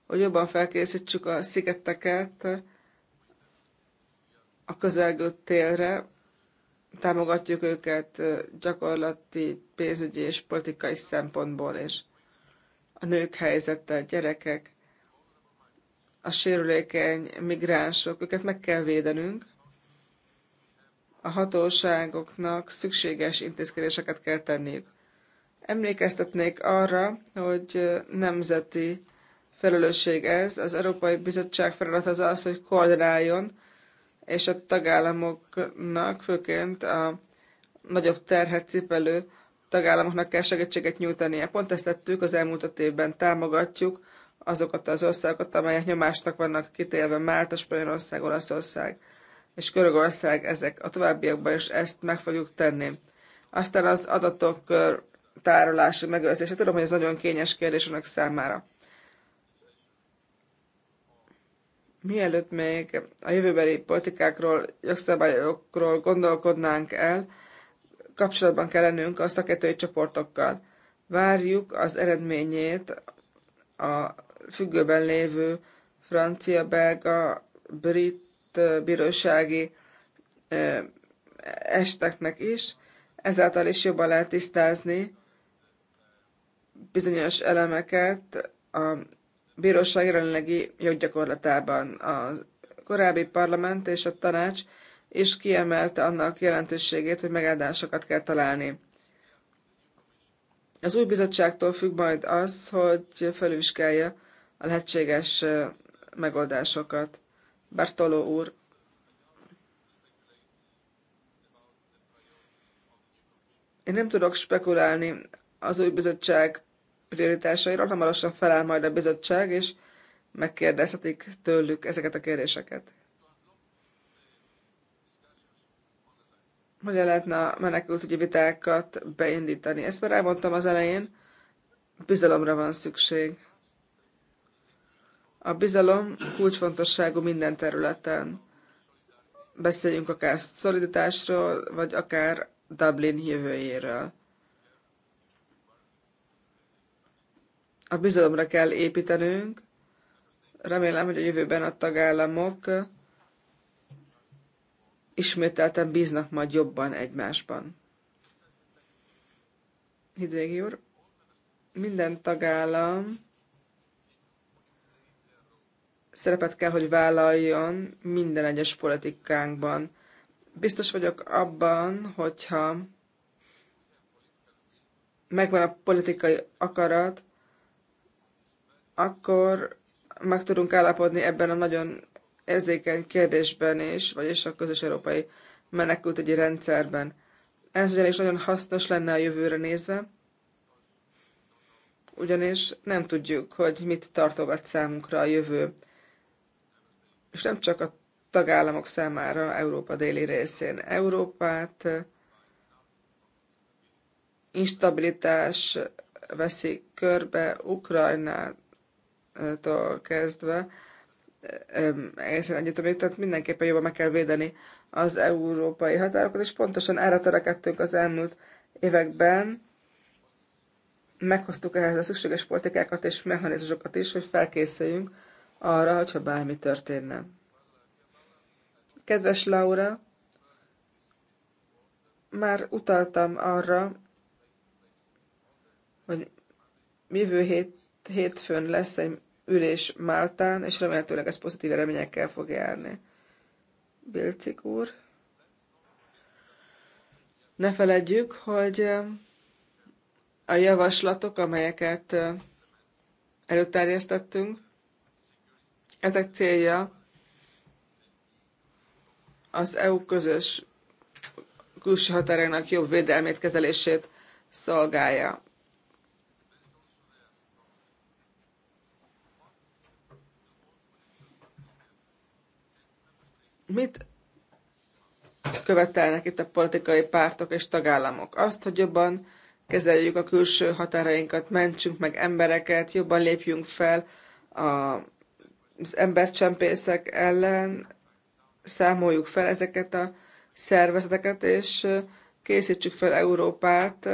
hogy jobban felkészítsük a szigeteket a közelgő télre, támogatjuk őket gyakorlati, pénzügyi és politikai szempontból is. A nők helyzete, gyerekek, a sérülékeny migránsok, őket meg kell védenünk. A hatóságoknak szükséges intézkedéseket kell tenniük. Emlékeztetnék arra, hogy nemzeti felelősség ez. Az Európai Bizottság feladat az az, hogy koordináljon, és a tagállamoknak, főként a nagyobb terhet cipelő tagállamoknak kell segítséget nyújtania. Pont ezt tettük az elmúlt öt évben, támogatjuk azokat az országokat, amelyek nyomásnak vannak kitélve, Málta, Spanyolország, Olaszország és Körögország ezek. A továbbiakban is ezt meg fogjuk tenni. Aztán az adatok tárolása, megőrzése. Tudom, hogy ez nagyon kényes kérdés önök számára. Mielőtt még a jövőbeli politikákról, jogszabályokról gondolkodnánk el, kapcsolatban kell lennünk a szakértői csoportokkal. Várjuk az eredményét a függőben lévő francia, belga, brit bírósági esteknek is, ezáltal is jobban lehet tisztázni bizonyos elemeket a bíróság jelenlegi joggyakorlatában. A korábbi parlament és a tanács is kiemelte annak jelentőségét, hogy megoldásokat kell találni. Az új bizottságtól függ majd az, hogy felvizsgálja a lehetséges megoldásokat. Bartoló úr. Én nem tudok spekulálni az új bizottság prioritásairól hamarosan feláll majd a bizottság, és megkérdezhetik tőlük ezeket a kérdéseket. Hogyan lehetne a menekültügyi vitákat beindítani? Ezt már elmondtam az elején, bizalomra van szükség. A bizalom kulcsfontosságú minden területen. Beszéljünk akár szolidításról, vagy akár Dublin jövőjéről. a bizalomra kell építenünk. Remélem, hogy a jövőben a tagállamok ismételten bíznak majd jobban egymásban. Hidvégi úr, minden tagállam szerepet kell, hogy vállaljon minden egyes politikánkban. Biztos vagyok abban, hogyha megvan a politikai akarat, akkor meg tudunk állapodni ebben a nagyon érzékeny kérdésben is, vagyis a közös európai menekültügyi rendszerben. Ez ugyanis nagyon hasznos lenne a jövőre nézve, ugyanis nem tudjuk, hogy mit tartogat számunkra a jövő, és nem csak a tagállamok számára Európa déli részén. Európát instabilitás veszi körbe Ukrajnát, tól kezdve egészen egyetemig, tehát mindenképpen jobban meg kell védeni az európai határokat, és pontosan erre törekedtünk az elmúlt években, meghoztuk ehhez a szükséges politikákat és mechanizmusokat is, hogy felkészüljünk arra, hogyha bármi történne. Kedves Laura, már utaltam arra, hogy jövő hét, hétfőn lesz egy ülés Máltán, és remélhetőleg ez pozitív eredményekkel fog járni. Bilcik úr. Ne feledjük, hogy a javaslatok, amelyeket előterjesztettünk, ezek célja az EU közös külső határainak jobb védelmét, kezelését szolgálja. Mit követelnek itt a politikai pártok és tagállamok? Azt, hogy jobban kezeljük a külső határainkat, mentsünk meg embereket, jobban lépjünk fel a, az embercsempészek ellen, számoljuk fel ezeket a szervezeteket, és készítsük fel Európát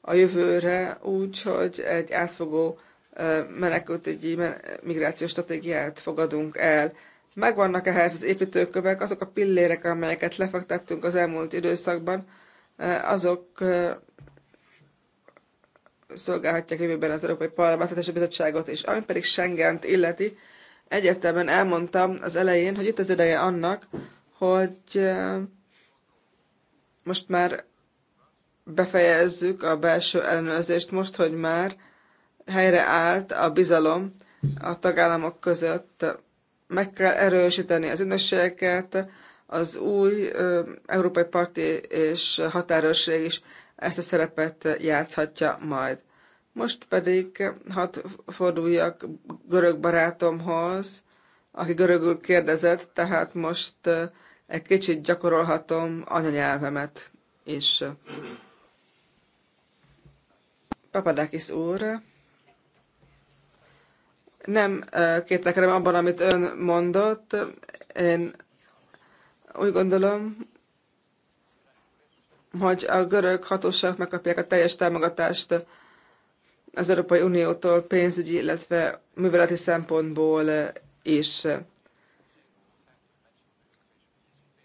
a jövőre úgy, hogy egy átfogó menekültügyi migrációs stratégiát fogadunk el. Megvannak ehhez az építőkövek, azok a pillérek, amelyeket lefektettünk az elmúlt időszakban, eh, azok eh, szolgálhatják jövőben az Európai Parlamentet és a Bizottságot is. Ami pedig schengen illeti, egyértelműen elmondtam az elején, hogy itt az ideje annak, hogy eh, most már befejezzük a belső ellenőrzést, most, hogy már helyreállt a bizalom a tagállamok között meg kell erősíteni az ünnepségeket, az új ö, európai parti és határőrség is ezt a szerepet játszhatja majd. Most pedig hadd forduljak görög barátomhoz, aki görögül kérdezett, tehát most egy kicsit gyakorolhatom anyanyelvemet is. Papadakis úr, nem kételkedem abban, amit ön mondott. Én úgy gondolom, hogy a görög hatóságok megkapják a teljes támogatást az Európai Uniótól pénzügyi, illetve műveleti szempontból is.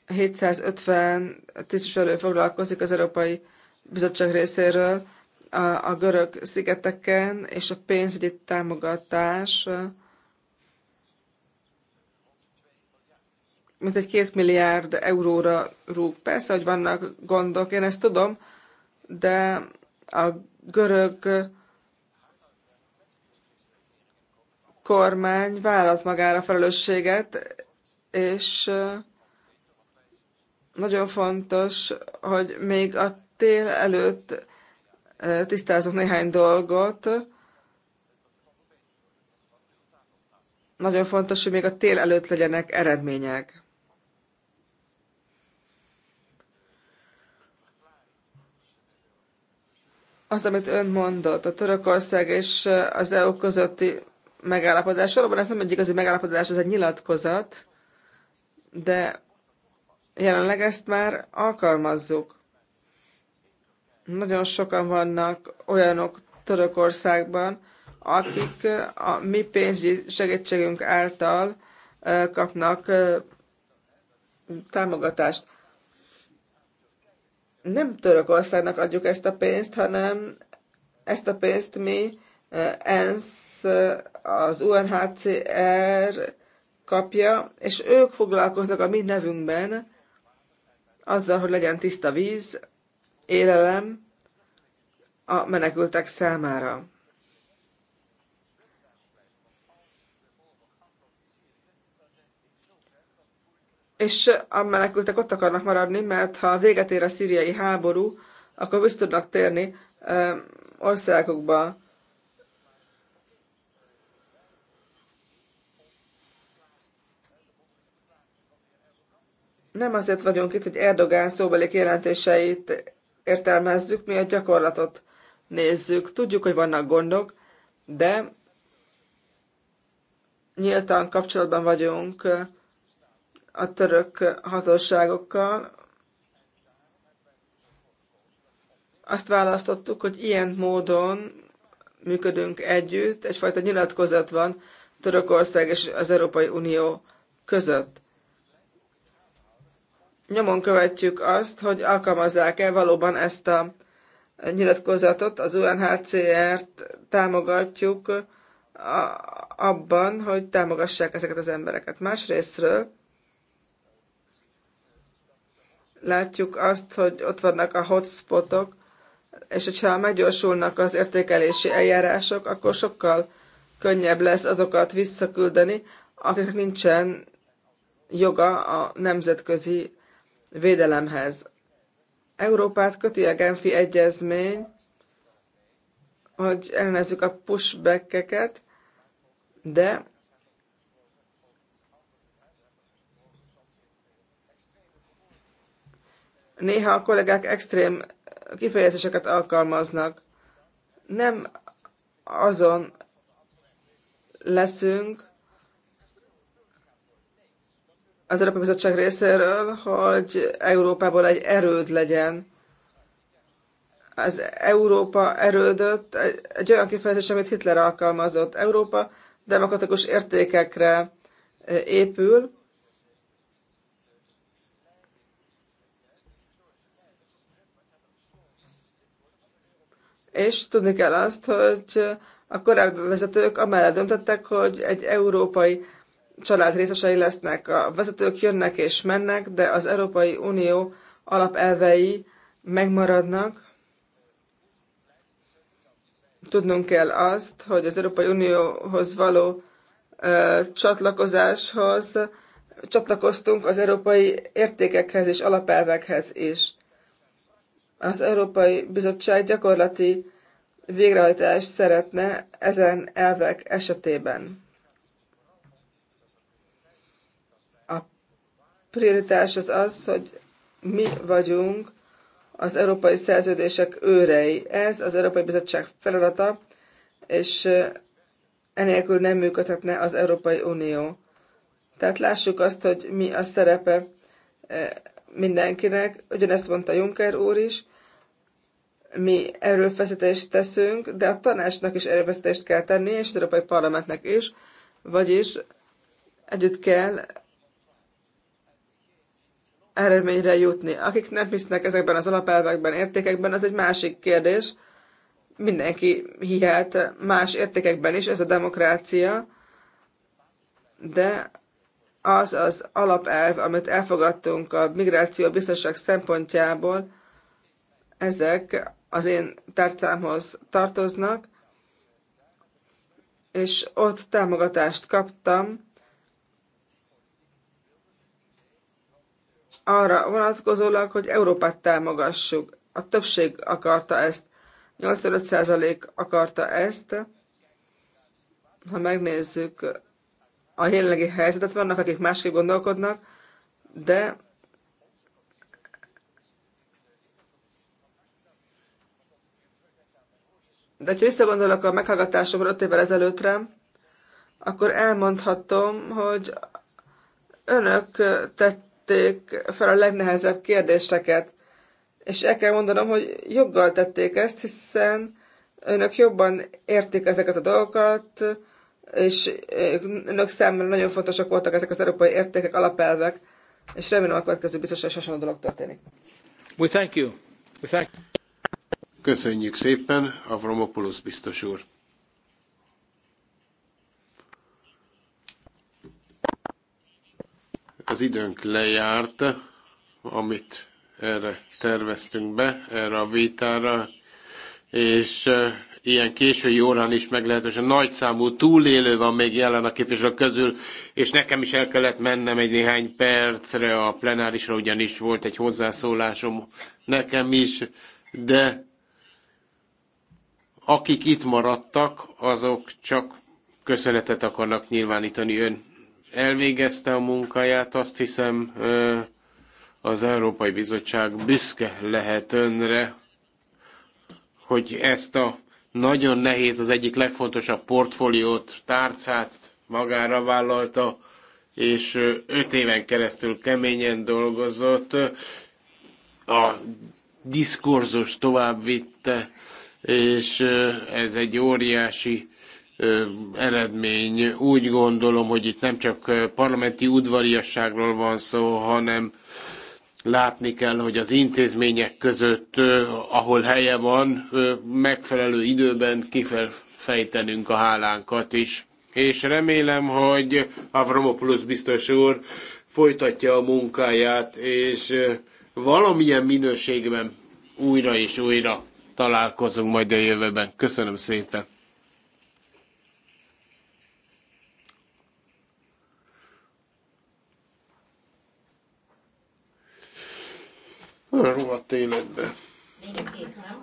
750 tisztviselő foglalkozik az Európai Bizottság részéről a, a görög szigeteken, és a pénzügyi támogatás mint egy két milliárd euróra rúg. Persze, hogy vannak gondok, én ezt tudom, de a görög kormány vállalt magára felelősséget, és nagyon fontos, hogy még a tél előtt tisztázok néhány dolgot. Nagyon fontos, hogy még a tél előtt legyenek eredmények. az, amit ön mondott, a Törökország és az EU közötti megállapodás. Valóban ez nem egy igazi megállapodás, ez egy nyilatkozat, de jelenleg ezt már alkalmazzuk. Nagyon sokan vannak olyanok Törökországban, akik a mi pénzügyi segítségünk által kapnak támogatást. Nem Törökországnak adjuk ezt a pénzt, hanem ezt a pénzt mi ENSZ, az UNHCR kapja, és ők foglalkoznak a mi nevünkben azzal, hogy legyen tiszta víz, élelem a menekültek számára. És a menekültek ott akarnak maradni, mert ha véget ér a szíriai háború, akkor vissza tudnak térni országokba. Nem azért vagyunk itt, hogy Erdogán szóbeli jelentéseit értelmezzük, mi a gyakorlatot nézzük. Tudjuk, hogy vannak gondok, de nyíltan kapcsolatban vagyunk a török hatóságokkal. Azt választottuk, hogy ilyen módon működünk együtt, egyfajta nyilatkozat van Törökország és az Európai Unió között nyomon követjük azt, hogy alkalmazzák-e valóban ezt a nyilatkozatot, az UNHCR-t támogatjuk abban, hogy támogassák ezeket az embereket. Másrésztről látjuk azt, hogy ott vannak a hotspotok, és hogyha meggyorsulnak az értékelési eljárások, akkor sokkal könnyebb lesz azokat visszaküldeni, akiknek nincsen joga a nemzetközi védelemhez. Európát köti a Genfi egyezmény, hogy ellenezzük a pushbackeket, de néha a kollégák extrém kifejezéseket alkalmaznak. Nem azon leszünk, az Európai Bizottság részéről, hogy Európából egy erőd legyen. Az Európa erődöt egy, egy olyan kifejezés, amit Hitler alkalmazott. Európa demokratikus értékekre eh, épül, és tudni kell azt, hogy a korábbi vezetők amellett döntöttek, hogy egy európai család részesei lesznek. A vezetők jönnek és mennek, de az Európai Unió alapelvei megmaradnak. Tudnunk kell azt, hogy az Európai Unióhoz való ö, csatlakozáshoz csatlakoztunk az európai értékekhez és alapelvekhez is. Az Európai Bizottság gyakorlati végrehajtást szeretne ezen elvek esetében. prioritás az az, hogy mi vagyunk az európai szerződések őrei. Ez az Európai Bizottság feladata, és enélkül nem működhetne az Európai Unió. Tehát lássuk azt, hogy mi a szerepe mindenkinek. Ugyanezt mondta Juncker úr is, mi erőfeszítést teszünk, de a tanácsnak is erőfeszítést kell tenni, és az Európai Parlamentnek is, vagyis együtt kell eredményre jutni. Akik nem hisznek ezekben az alapelvekben, értékekben, az egy másik kérdés. Mindenki hihet más értékekben is, ez a demokrácia, de az az alapelv, amit elfogadtunk a migráció biztonság szempontjából, ezek az én tárcámhoz tartoznak, és ott támogatást kaptam, arra vonatkozólag, hogy Európát támogassuk. A többség akarta ezt. 85% akarta ezt. Ha megnézzük a jelenlegi helyzetet, vannak, akik másképp gondolkodnak, de De ha visszagondolok a meghallgatásomra 5 évvel ezelőttre, akkor elmondhatom, hogy önök tett tették fel a legnehezebb kérdéseket. És el kell mondanom, hogy joggal tették ezt, hiszen önök jobban értik ezeket a dolgokat, és önök számára nagyon fontosak voltak ezek az európai értékek, alapelvek, és remélem a következő biztos, hogy hasonló dolog történik. We thank you. We thank you. Köszönjük szépen, Avromopoulos biztos úr. az időnk lejárt, amit erre terveztünk be, erre a vétára, és ilyen késői órán is meglehetősen nagy számú túlélő van még jelen a képviselők közül, és nekem is el kellett mennem egy néhány percre a plenárisra, ugyanis volt egy hozzászólásom nekem is, de akik itt maradtak, azok csak köszönetet akarnak nyilvánítani ön elvégezte a munkáját, azt hiszem az Európai Bizottság büszke lehet önre, hogy ezt a nagyon nehéz, az egyik legfontosabb portfóliót, tárcát magára vállalta, és öt éven keresztül keményen dolgozott, a diskurzus tovább vitte, és ez egy óriási eredmény. Úgy gondolom, hogy itt nem csak parlamenti udvariasságról van szó, hanem látni kell, hogy az intézmények között, ahol helye van, megfelelő időben kifejtenünk a hálánkat is. És remélem, hogy Avramopoulos biztos úr folytatja a munkáját, és valamilyen minőségben újra és újra találkozunk majd a jövőben. Köszönöm szépen! Olyan rohadt életbe. Még kész, nem?